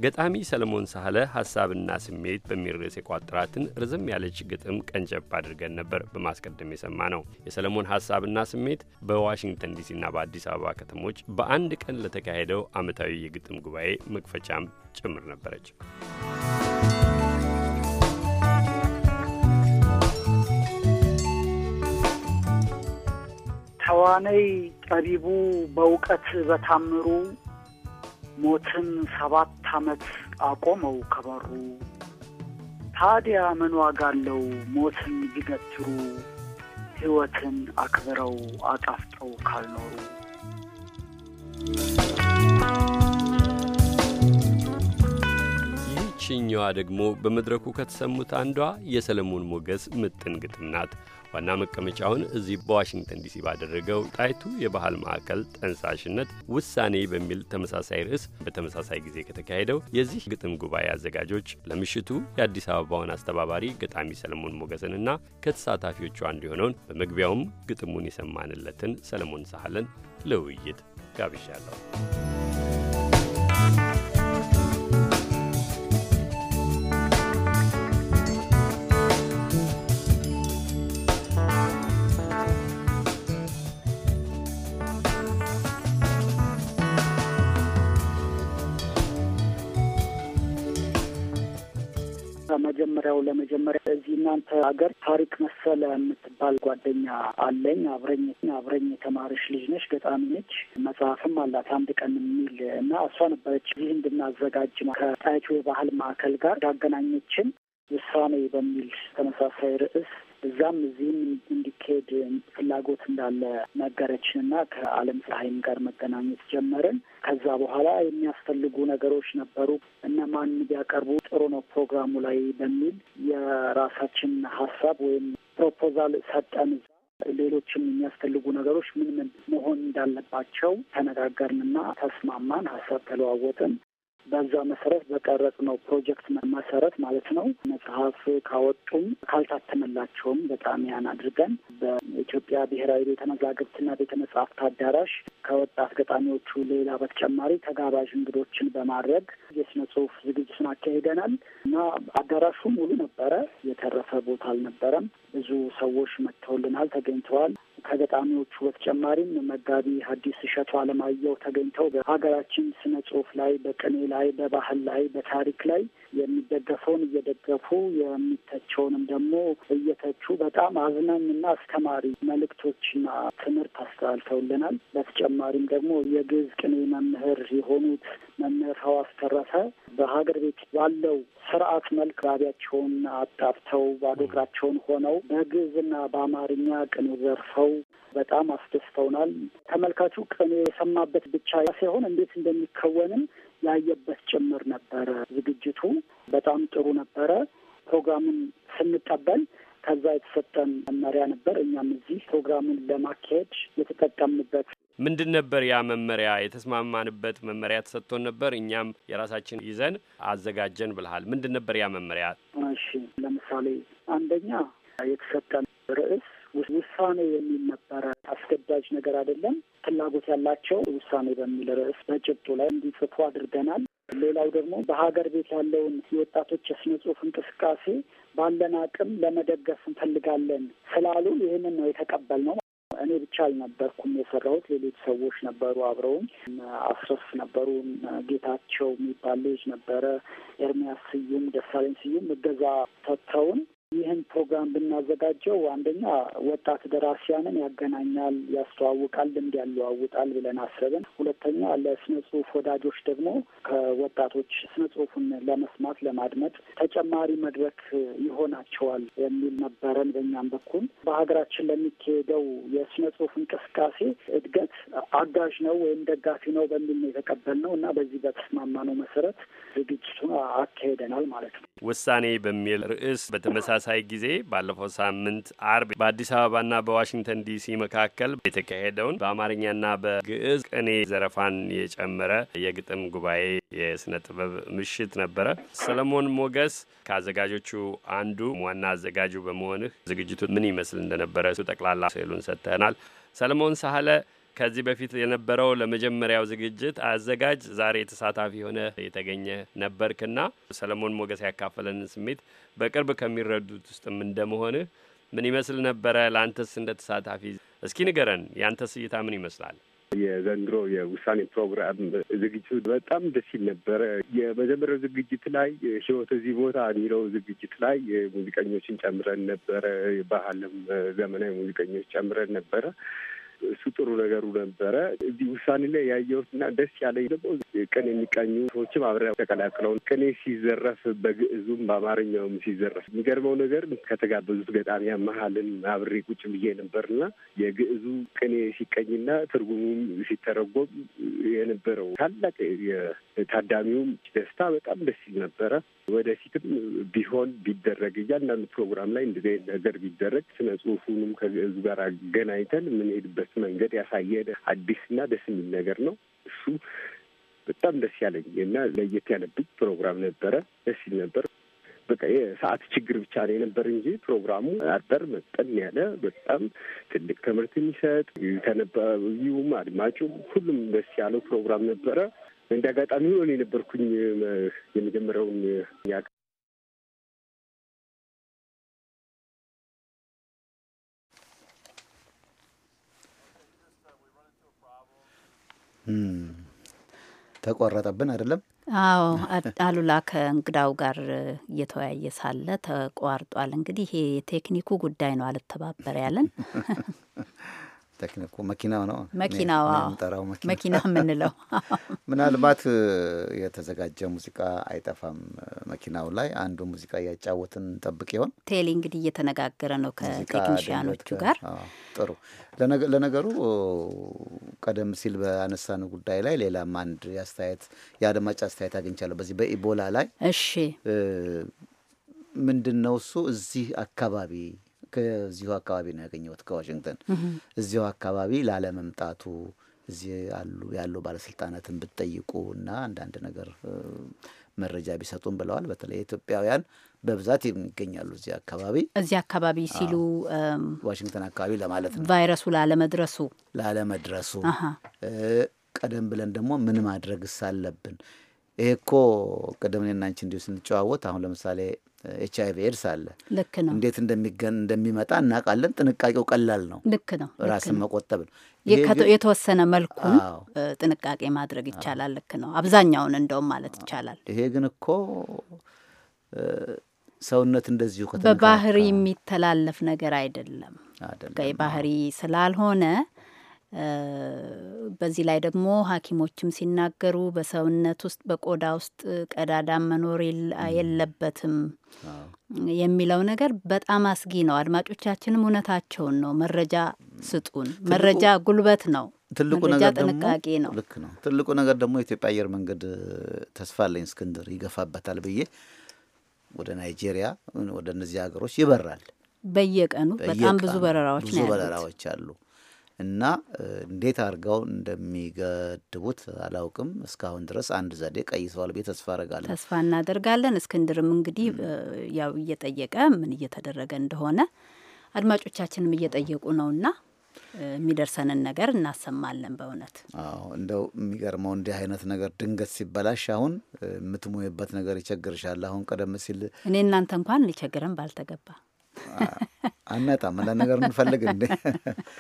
ገጣሚ ሰለሞን ሳህለ ሐሳብና ስሜት በሚል ርዕስ የቋጠራትን ርዝም ያለች ግጥም ቀንጨብ አድርገን ነበር በማስቀደም የሰማ ነው። የሰለሞን ሐሳብና ስሜት በዋሽንግተን ዲሲና በአዲስ አበባ ከተሞች በአንድ ቀን ለተካሄደው ዓመታዊ የግጥም ጉባኤ መክፈቻም ጭምር ነበረች። ተዋነይ ጠቢቡ በእውቀት በታምሩ ሞትን ሰባት ዓመት አቆመው ከበሩ። ታዲያ ምን ዋጋ አለው ሞትን ቢገትሩ ሕይወትን አክብረው አጣፍጠው ካልኖሩ። እችኛዋ ደግሞ በመድረኩ ከተሰሙት አንዷ የሰለሞን ሞገስ ምጥን ግጥም ናት። ዋና መቀመጫውን እዚህ በዋሽንግተን ዲሲ ባደረገው ጣይቱ የባህል ማዕከል ጠንሳሽነት ውሳኔ በሚል ተመሳሳይ ርዕስ በተመሳሳይ ጊዜ ከተካሄደው የዚህ ግጥም ጉባኤ አዘጋጆች ለምሽቱ የአዲስ አበባውን አስተባባሪ ገጣሚ ሰለሞን ሞገስንና ከተሳታፊዎቹ አንዱ የሆነውን በመግቢያውም ግጥሙን የሰማንለትን ሰለሞን ሳህልን ለውይይት ጋብዣለሁ። መጀመሪያው ለመጀመሪያ እዚህ እናንተ ሀገር ታሪክ መሰለ የምትባል ጓደኛ አለኝ። አብረኝ አብረኝ የተማረች ልጅ ነች፣ ገጣሚ ነች፣ መጽሐፍም አላት አንድ ቀን የሚል እና እሷ ነበረች ይህ እንድናዘጋጅ ከጣይቱ የባህል ማዕከል ጋር ያገናኘችን ውሳኔ በሚል ተመሳሳይ ርዕስ እዛም እዚህም እንዲካሄድ ፍላጎት እንዳለ ነገረችን እና ከአለም ፀሐይም ጋር መገናኘት ጀመርን። ከዛ በኋላ የሚያስፈልጉ ነገሮች ነበሩ። እነማን ቢያቀርቡ ጥሩ ነው ፕሮግራሙ ላይ በሚል የራሳችን ሀሳብ ወይም ፕሮፖዛል ሰጠን። ሌሎችም የሚያስፈልጉ ነገሮች ምን ምን መሆን እንዳለባቸው ተነጋገርንና ተስማማን፣ ሀሳብ ተለዋወጥን። በዛ መሰረት በቀረጽ ነው ፕሮጀክት መሰረት ማለት ነው። መጽሐፍ ካወጡም ካልታተመላቸውም በጣም ያን አድርገን በኢትዮጵያ ብሔራዊ ቤተ መዛግብትና ቤተ መጽሐፍት አዳራሽ ከወጣት ገጣሚዎቹ ሌላ በተጨማሪ ተጋባዥ እንግዶችን በማድረግ የስነ ጽሁፍ ዝግጅቱን አካሂደናል እና አዳራሹ ሙሉ ነበረ። የተረፈ ቦታ አልነበረም። ብዙ ሰዎች መጥተውልናል፣ ተገኝተዋል። ከገጣሚዎቹ በተጨማሪም መጋቢ ሐዲስ እሸቱ አለማየሁ ተገኝተው በሀገራችን ስነ ጽሁፍ ላይ፣ በቅኔ ላይ፣ በባህል ላይ፣ በታሪክ ላይ የሚደገፈውን እየደገፉ የሚተቸውንም ደግሞ እየተቹ በጣም አዝናኝ አዝናኝና አስተማሪ መልእክቶችና ትምህርት አስተላልፈውልናል። በተጨማሪም ደግሞ የግዕዝ ቅኔ መምህር የሆኑት መምህር ሐዋስ ተረፈ በሀገር ቤት ባለው ስርዓት መልክ ጋቢያቸውን አጣፍተው ባዶ እግራቸውን ሆነው በግዕዝና በአማርኛ ቅኔ ዘርፈው በጣም አስደስተውናል። ተመልካቹ ቀኑ የሰማበት ብቻ ሳይሆን እንዴት እንደሚከወንም ያየበት ጭምር ነበረ። ዝግጅቱ በጣም ጥሩ ነበረ። ፕሮግራሙን ስንቀበል ከዛ የተሰጠን መመሪያ ነበር። እኛም እዚህ ፕሮግራሙን ለማካሄድ የተጠቀምንበት ምንድን ነበር ያ መመሪያ? የተስማማንበት መመሪያ ተሰጥቶን ነበር። እኛም የራሳችን ይዘን አዘጋጀን ብልሃል። ምንድን ነበር ያ መመሪያ? እሺ፣ ለምሳሌ አንደኛ የተሰጠን ርዕስ ውሳኔ የሚል ነበረ። አስገዳጅ ነገር አይደለም። ፍላጎት ያላቸው ውሳኔ በሚል ርዕስ በጭብጡ ላይ እንዲጽፉ አድርገናል። ሌላው ደግሞ በሀገር ቤት ያለውን የወጣቶች የስነ ጽሁፍ እንቅስቃሴ ባለን አቅም ለመደገፍ እንፈልጋለን ስላሉ ይህንን ነው የተቀበልነው። እኔ ብቻ አልነበርኩም የሰራሁት፣ ሌሎች ሰዎች ነበሩ አብረውኝ። አስረስ ነበሩ፣ ጌታቸው የሚባል ልጅ ነበረ፣ ኤርሚያስ ስዩም፣ ደሳለኝ ስዩም እገዛ ሰጥተውን ይህን ፕሮግራም ብናዘጋጀው አንደኛ ወጣት ደራሲያንን ያገናኛል፣ ያስተዋውቃል፣ ልምድ ያለዋውጣል ብለን አሰብን። ሁለተኛ ለስነ ጽሁፍ ወዳጆች ደግሞ ከወጣቶች ስነ ጽሁፉን ለመስማት ለማድመጥ ተጨማሪ መድረክ ይሆናቸዋል የሚል ነበረን። በእኛም በኩል በሀገራችን ለሚካሄደው የስነ ጽሁፍ እንቅስቃሴ እድገት አጋዥ ነው ወይም ደጋፊ ነው በሚል ነው የተቀበልነው እና በዚህ በተስማማነው መሰረት ዝግጅቱን አካሄደናል ማለት ነው። ውሳኔ በሚል ርዕስ በተመሳሳይ ተመሳሳይ ጊዜ ባለፈው ሳምንት አርብ በአዲስ አበባና በዋሽንግተን ዲሲ መካከል የተካሄደውን በአማርኛና በግዕዝ ቅኔ ዘረፋን የጨመረ የግጥም ጉባኤ የስነ ጥበብ ምሽት ነበረ። ሰለሞን ሞገስ ከአዘጋጆቹ አንዱ ዋና አዘጋጁ በመሆንህ ዝግጅቱ ምን ይመስል እንደነበረ ጠቅላላ ስዕሉን ሰጥተናል። ሰለሞን ሳህለ ከዚህ በፊት የነበረው ለመጀመሪያው ዝግጅት አዘጋጅ ዛሬ ተሳታፊ የሆነ የተገኘ ነበርክና ሰለሞን ሞገስ ያካፈለንን ስሜት በቅርብ ከሚረዱት ውስጥም እንደመሆንህ ምን ይመስል ነበረ? ለአንተስ እንደ ተሳታፊ እስኪ ንገረን። የአንተስ እይታ ምን ይመስላል? የዘንድሮ የውሳኔ ፕሮግራም ዝግጅቱ በጣም ደስ ይል ነበረ። የመጀመሪያው ዝግጅት ላይ ህይወት እዚህ ቦታ የሚለው ዝግጅት ላይ ሙዚቀኞችን ጨምረን ነበረ። ባህልም ዘመናዊ ሙዚቀኞች ጨምረን ነበረ። እሱ ጥሩ ነገሩ ነበረ። እዚህ ውሳኔ ላይ ያየሁት እና ደስ ያለኝ ደግሞ ቅኔ የሚቀኙ ሰዎችም አብረ ተቀላቅለውን ቅኔ ሲዘረፍ በግዕዙም በአማርኛውም ሲዘረፍ የሚገርመው ነገር ከተጋበዙት ገጣሚያ መሀልን አብሬ ቁጭ ብዬ ነበርና የግዕዙ ቅኔ ሲቀኝና ትርጉሙም ሲተረጎም የነበረው ታላቅ የታዳሚውም ደስታ በጣም ደስ ይል ነበረ። ወደፊትም ቢሆን ቢደረግ እያንዳንዱ ፕሮግራም ላይ እንደዚህ ነገር ቢደረግ ስነ ጽሁፉንም ከህዝብ ጋር አገናኝተን የምንሄድበት መንገድ ያሳየ አዲስ አዲስና ደስ የሚል ነገር ነው። እሱ በጣም ደስ ያለኝ እና ለየት ያለብኝ ፕሮግራም ነበረ። ደስ ይል ነበር። በቃ የሰዓት ችግር ብቻ ነው የነበር እንጂ ፕሮግራሙ አጠር መጠን ያለ በጣም ትልቅ ትምህርት የሚሰጥ ተነባቢውም አድማጩም ሁሉም ደስ ያለው ፕሮግራም ነበረ። እንደ አጋጣሚ ሆኖ የነበርኩኝ የመጀመሪያውን ያቅ ተቆረጠብን አይደለም? አዎ አሉላ ከእንግዳው ጋር እየተወያየ ሳለ ተቋርጧል። እንግዲህ ይሄ የቴክኒኩ ጉዳይ ነው አልተባበር ያለን ቴክኒኩ መኪናው ነው መኪናዋ መኪና የምንለው ምናልባት የተዘጋጀ ሙዚቃ አይጠፋም። መኪናው ላይ አንዱ ሙዚቃ እያጫወትን ጠብቅ ይሆን። ቴሌ እንግዲህ እየተነጋገረ ነው ከቴክኒሽያኖቹ ጋር። ጥሩ። ለነገሩ ቀደም ሲል በአነሳነው ጉዳይ ላይ ሌላም አንድ አስተያየት የአድማጭ አስተያየት አግኝቻለሁ በዚህ በኢቦላ ላይ። እሺ ምንድን ነው እሱ እዚህ አካባቢ ከዚሁ አካባቢ ነው ያገኘሁት ከዋሽንግተን። እዚሁ አካባቢ ላለመምጣቱ እዚህ ያሉ ያለው ባለስልጣናትን ብትጠይቁ እና አንዳንድ ነገር መረጃ ቢሰጡን ብለዋል። በተለይ ኢትዮጵያውያን በብዛት ይገኛሉ እዚህ አካባቢ እዚህ አካባቢ ሲሉ ዋሽንግተን አካባቢ ለማለት ነው። ቫይረሱ ላለመድረሱ ላለመድረሱ ቀደም ብለን ደግሞ ምን ማድረግስ አለብን? ይሄ እኮ ቀደም እኔና አንቺ እንዲሁ ስንጨዋወት አሁን ለምሳሌ ኤች አይቪ ኤድስ አለ። ልክ ነው። እንዴት እንደሚገን እንደሚመጣ እናውቃለን። ጥንቃቄው ቀላል ነው። ልክ ነው። ራስን መቆጠብ ነው። የተወሰነ መልኩ ጥንቃቄ ማድረግ ይቻላል። ልክ ነው። አብዛኛውን እንደውም ማለት ይቻላል። ይሄ ግን እኮ ሰውነት እንደዚሁ በባህሪ የሚተላለፍ ነገር አይደለም። ባህሪ ስላልሆነ በዚህ ላይ ደግሞ ሐኪሞችም ሲናገሩ በሰውነት ውስጥ በቆዳ ውስጥ ቀዳዳም መኖር የለበትም የሚለው ነገር በጣም አስጊ ነው። አድማጮቻችንም እውነታቸውን ነው። መረጃ ስጡን። መረጃ ጉልበት ነው። ትልቁ ነገር ጥንቃቄ ነው። ልክ ነው። ትልቁ ነገር ደግሞ የኢትዮጵያ አየር መንገድ ተስፋ አለኝ እስክንድር ይገፋበታል ብዬ ወደ ናይጄሪያ፣ ወደ እነዚህ ሀገሮች ይበራል በየቀኑ በጣም ብዙ በረራዎች ብዙ በረራዎች አሉ እና እንዴት አድርገው እንደሚገድቡት አላውቅም። እስካሁን ድረስ አንድ ዘዴ ቀይሰዋል ብዬ ተስፋ አደርጋለሁ። ተስፋ እናደርጋለን። እስክንድርም እንግዲህ ያው እየጠየቀ ምን እየተደረገ እንደሆነ አድማጮቻችንም እየጠየቁ ነውና የሚደርሰንን ነገር እናሰማለን። በእውነት አዎ፣ እንደው የሚገርመው እንዲህ አይነት ነገር ድንገት ሲበላሽ አሁን የምትሞይበት ነገር ይቸግርሻል። አሁን ቀደም ሲል እኔ እናንተ እንኳን ሊቸግረን ባልተገባ አናጣም ነገር እንፈልግ እንዴ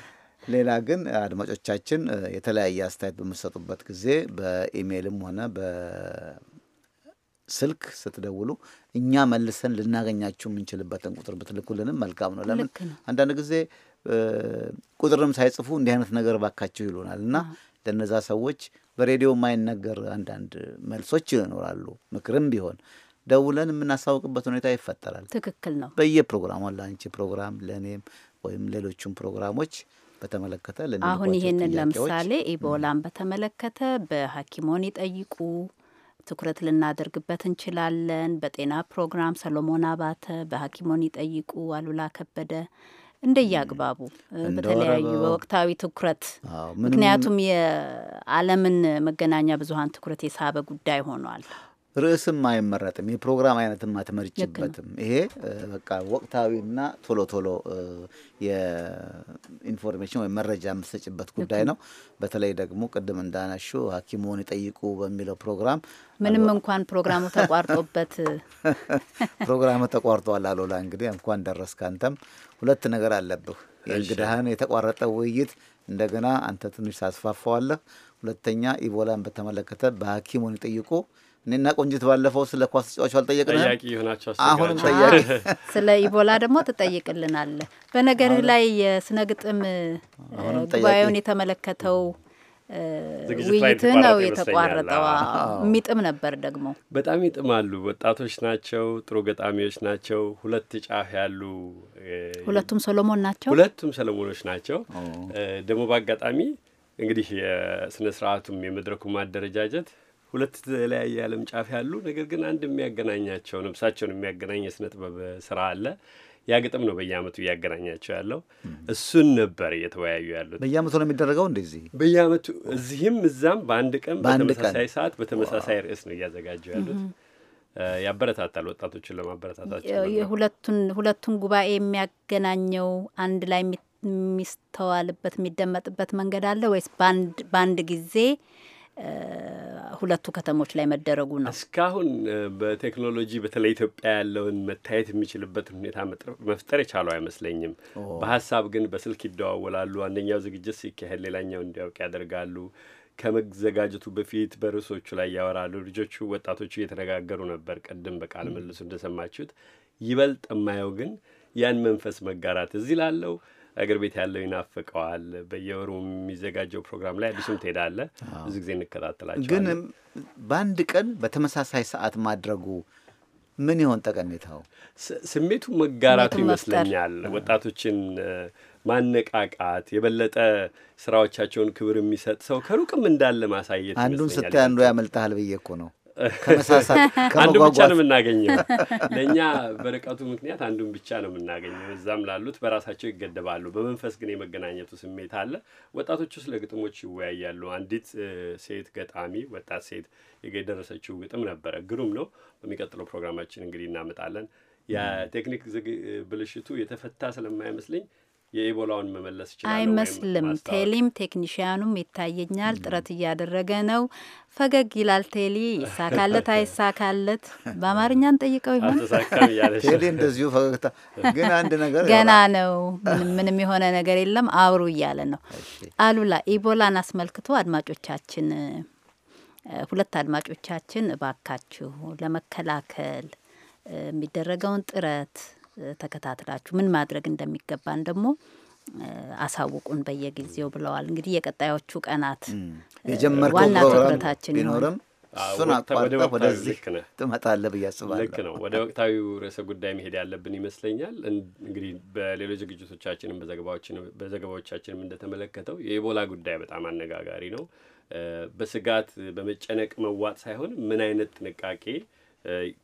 ሌላ ግን አድማጮቻችን የተለያየ አስተያየት በምሰጡበት ጊዜ በኢሜይልም ሆነ በስልክ ስትደውሉ እኛ መልሰን ልናገኛችሁ የምንችልበትን ቁጥር ብትልኩልንም መልካም ነው። ለምን አንዳንድ ጊዜ ቁጥርም ሳይጽፉ እንዲህ አይነት ነገር ባካችሁ ይሉናል እና ለነዛ ሰዎች በሬዲዮ የማይነገር አንዳንድ መልሶች ይኖራሉ። ምክርም ቢሆን ደውለን የምናስታውቅበት ሁኔታ ይፈጠራል። ትክክል ነው። በየፕሮግራሙ ለአንቺ ፕሮግራም ለእኔም ወይም ሌሎቹም ፕሮግራሞች በተመለከተ አሁን ይሄንን ለምሳሌ ኢቦላን በተመለከተ በሐኪሞን ይጠይቁ ትኩረት ልናደርግበት እንችላለን። በጤና ፕሮግራም ሰሎሞን አባተ በሐኪሞን ይጠይቁ አሉላ ከበደ እንደየአግባቡ በተለያዩ በወቅታዊ ትኩረት ምክንያቱም የዓለምን መገናኛ ብዙኃን ትኩረት የሳበ ጉዳይ ሆኗል። ርዕስም አይመረጥም። የፕሮግራም አይነትም አትመርጭበትም። ይሄ በቃ ወቅታዊና ቶሎ ቶሎ የኢንፎርሜሽን ወይም መረጃ የምትሰጭበት ጉዳይ ነው። በተለይ ደግሞ ቅድም እንዳነሹ ሐኪሙን ይጠይቁ በሚለው ፕሮግራም ምንም እንኳን ፕሮግራሙ ተቋርጦበት ፕሮግራሙ ተቋርጧል። አሉላ እንግዲህ እንኳን ደረስ ካንተም ሁለት ነገር አለብህ። የእንግዳህን የተቋረጠ ውይይት እንደገና አንተ ትንሽ ታስፋፋዋለህ። ሁለተኛ ኢቦላን በተመለከተ በሐኪሙን ይጠይቁ እኔና ቆንጅት ባለፈው ስለ ኳስ ተጫዋቹ አልጠየቅንም። አሁንም ጠያቂ ስለ ኢቦላ ደግሞ ትጠይቅልናል። በነገርህ ላይ የስነ ግጥም ጉባኤውን የተመለከተው ውይይት ነው የተቋረጠው። የሚጥም ነበር ደግሞ በጣም ይጥማሉ። ወጣቶች ናቸው፣ ጥሩ ገጣሚዎች ናቸው። ሁለት ጫፍ ያሉ ሁለቱም ሰሎሞን ናቸው፣ ሁለቱም ሰሎሞኖች ናቸው። ደግሞ በአጋጣሚ እንግዲህ የስነ ስርዓቱም የመድረኩ ማደረጃጀት ሁለት የተለያየ አለም ጫፍ ያሉ ነገር ግን አንድ የሚያገናኛቸው ነብሳቸውን የሚያገናኝ የስነ ጥበብ ስራ አለ። ያ ግጥም ነው በየአመቱ እያገናኛቸው ያለው። እሱን ነበር እየተወያዩ ያሉት። በየአመቱ ነው የሚደረገው እንደዚህ በየአመቱ እዚህም እዛም በአንድ ቀን በተመሳሳይ ሰዓት በተመሳሳይ ርዕስ ነው እያዘጋጀው ያሉት። ያበረታታል ወጣቶችን ለማበረታታቸው የሁለቱን ሁለቱን ጉባኤ የሚያገናኘው አንድ ላይ የሚስተዋልበት የሚደመጥበት መንገድ አለ ወይስ በአንድ ጊዜ ሁለቱ ከተሞች ላይ መደረጉ ነው። እስካሁን በቴክኖሎጂ በተለይ ኢትዮጵያ ያለውን መታየት የሚችልበትን ሁኔታ መፍጠር የቻለው አይመስለኝም። በሀሳብ ግን በስልክ ይደዋወላሉ። አንደኛው ዝግጅት ሲካሄድ ሌላኛው እንዲያውቅ ያደርጋሉ። ከመዘጋጀቱ በፊት በርዕሶቹ ላይ ያወራሉ። ልጆቹ፣ ወጣቶቹ እየተነጋገሩ ነበር። ቅድም በቃለ ምልልሱ እንደሰማችሁት ይበልጥ የማየው ግን ያን መንፈስ መጋራት እዚህ ላለው እግር ቤት ያለው ይናፍቀዋል። በየወሩ የሚዘጋጀው ፕሮግራም ላይ አዲሱም ትሄዳለህ። ብዙ ጊዜ እንከታተላቸው። ግን በአንድ ቀን በተመሳሳይ ሰዓት ማድረጉ ምን ይሆን ጠቀሜታው? ስሜቱ መጋራቱ ይመስለኛል። ወጣቶችን ማነቃቃት የበለጠ ስራዎቻቸውን ክብር የሚሰጥ ሰው ከሩቅም እንዳለ ማሳየት አንዱን ስታይ አንዱ ያመልጣል ብዬ እኮ ነው አንዱ ብቻ ነው የምናገኘው። ለእኛ በርቀቱ ምክንያት አንዱን ብቻ ነው የምናገኘው። እዛም ላሉት በራሳቸው ይገደባሉ። በመንፈስ ግን የመገናኘቱ ስሜት አለ። ወጣቶቹ ስለ ግጥሞች ይወያያሉ። አንዲት ሴት ገጣሚ ወጣት ሴት የደረሰችው ግጥም ነበረ። ግሩም ነው። በሚቀጥለው ፕሮግራማችን እንግዲህ እናመጣለን። የቴክኒክ ብልሽቱ የተፈታ ስለማይመስለኝ የኢቦላውን መመለስ ይችላል አይመስልም። ቴሊም ቴክኒሽያኑም ይታየኛል ጥረት እያደረገ ነው። ፈገግ ይላል ቴሊ። ይሳካለት አይሳካለት በአማርኛን ጠይቀው ይሆን ቴሊ? እንደዚሁ ፈገግታ ግን አንድ ነገር ገና ነው። ምንም የሆነ ነገር የለም አብሩ እያለ ነው አሉላ። ኢቦላን አስመልክቶ አድማጮቻችን፣ ሁለት አድማጮቻችን እባካችሁ ለመከላከል የሚደረገውን ጥረት ተከታትላችሁ ምን ማድረግ እንደሚገባን ደግሞ አሳውቁን በየጊዜው ብለዋል። እንግዲህ የቀጣዮቹ ቀናት ዋና ትኩረታችን ቢኖርም እሱን አቋርጠ ወደዚህ ትመጣለህ ብዬ አስባለሁ። ልክ ነው። ወደ ወቅታዊው ርዕሰ ጉዳይ መሄድ ያለብን ይመስለኛል። እንግዲህ በሌሎች ዝግጅቶቻችንም በዘገባዎቻችንም እንደተመለከተው የኢቦላ ጉዳይ በጣም አነጋጋሪ ነው። በስጋት በመጨነቅ መዋጥ ሳይሆን ምን አይነት ጥንቃቄ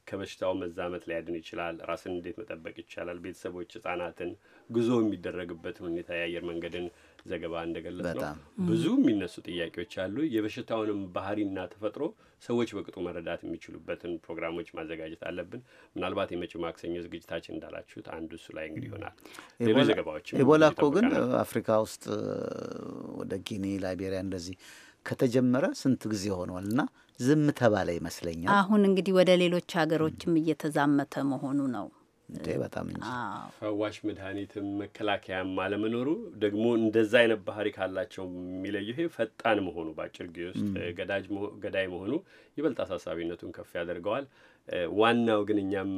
ከበሽታው መዛመት ሊያድን ይችላል። ራስን እንዴት መጠበቅ ይቻላል? ቤተሰቦች ህጻናትን፣ ጉዞ የሚደረግበትን ሁኔታ፣ የአየር መንገድን ዘገባ እንደገለጽ ነው። ብዙ የሚነሱ ጥያቄዎች አሉ። የበሽታውንም ባህሪና ተፈጥሮ ሰዎች በቅጡ መረዳት የሚችሉበትን ፕሮግራሞች ማዘጋጀት አለብን። ምናልባት የመጪ ማክሰኞ ዝግጅታችን እንዳላችሁት አንዱ እሱ ላይ እንግዲህ ይሆናል። ሌሎች ዘገባዎች ኢቦላ እኮ ግን አፍሪካ ውስጥ ወደ ጊኒ፣ ላይቤሪያ እንደዚህ ከተጀመረ ስንት ጊዜ ሆኗል እና ዝም ተባለ ይመስለኛል። አሁን እንግዲህ ወደ ሌሎች ሀገሮችም እየተዛመተ መሆኑ ነው። በጣም ፈዋሽ መድኃኒትም መከላከያም አለመኖሩ ደግሞ እንደዛ አይነት ባህሪ ካላቸው የሚለየው ይሄ ፈጣን መሆኑ በአጭር ጊዜ ውስጥ ገዳይ መሆኑ ይበልጥ አሳሳቢነቱን ከፍ ያደርገዋል። ዋናው ግን እኛም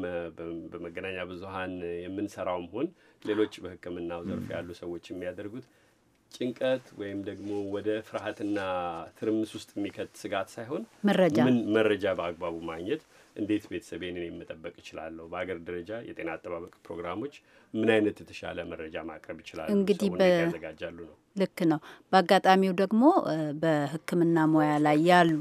በመገናኛ ብዙኃን የምንሰራውም ሆን ሌሎች በሕክምናው ዘርፍ ያሉ ሰዎች የሚያደርጉት ጭንቀት ወይም ደግሞ ወደ ፍርሃትና ትርምስ ውስጥ የሚከት ስጋት ሳይሆን መረጃ ምን መረጃ በአግባቡ ማግኘት እንዴት ቤተሰቤን መጠበቅ እችላለሁ? በሀገር ደረጃ የጤና አጠባበቅ ፕሮግራሞች ምን አይነት የተሻለ መረጃ ማቅረብ ይችላሉ? እንግዲህ ያዘጋጃሉ ነው። ልክ ነው። በአጋጣሚው ደግሞ በሕክምና ሙያ ላይ ያሉ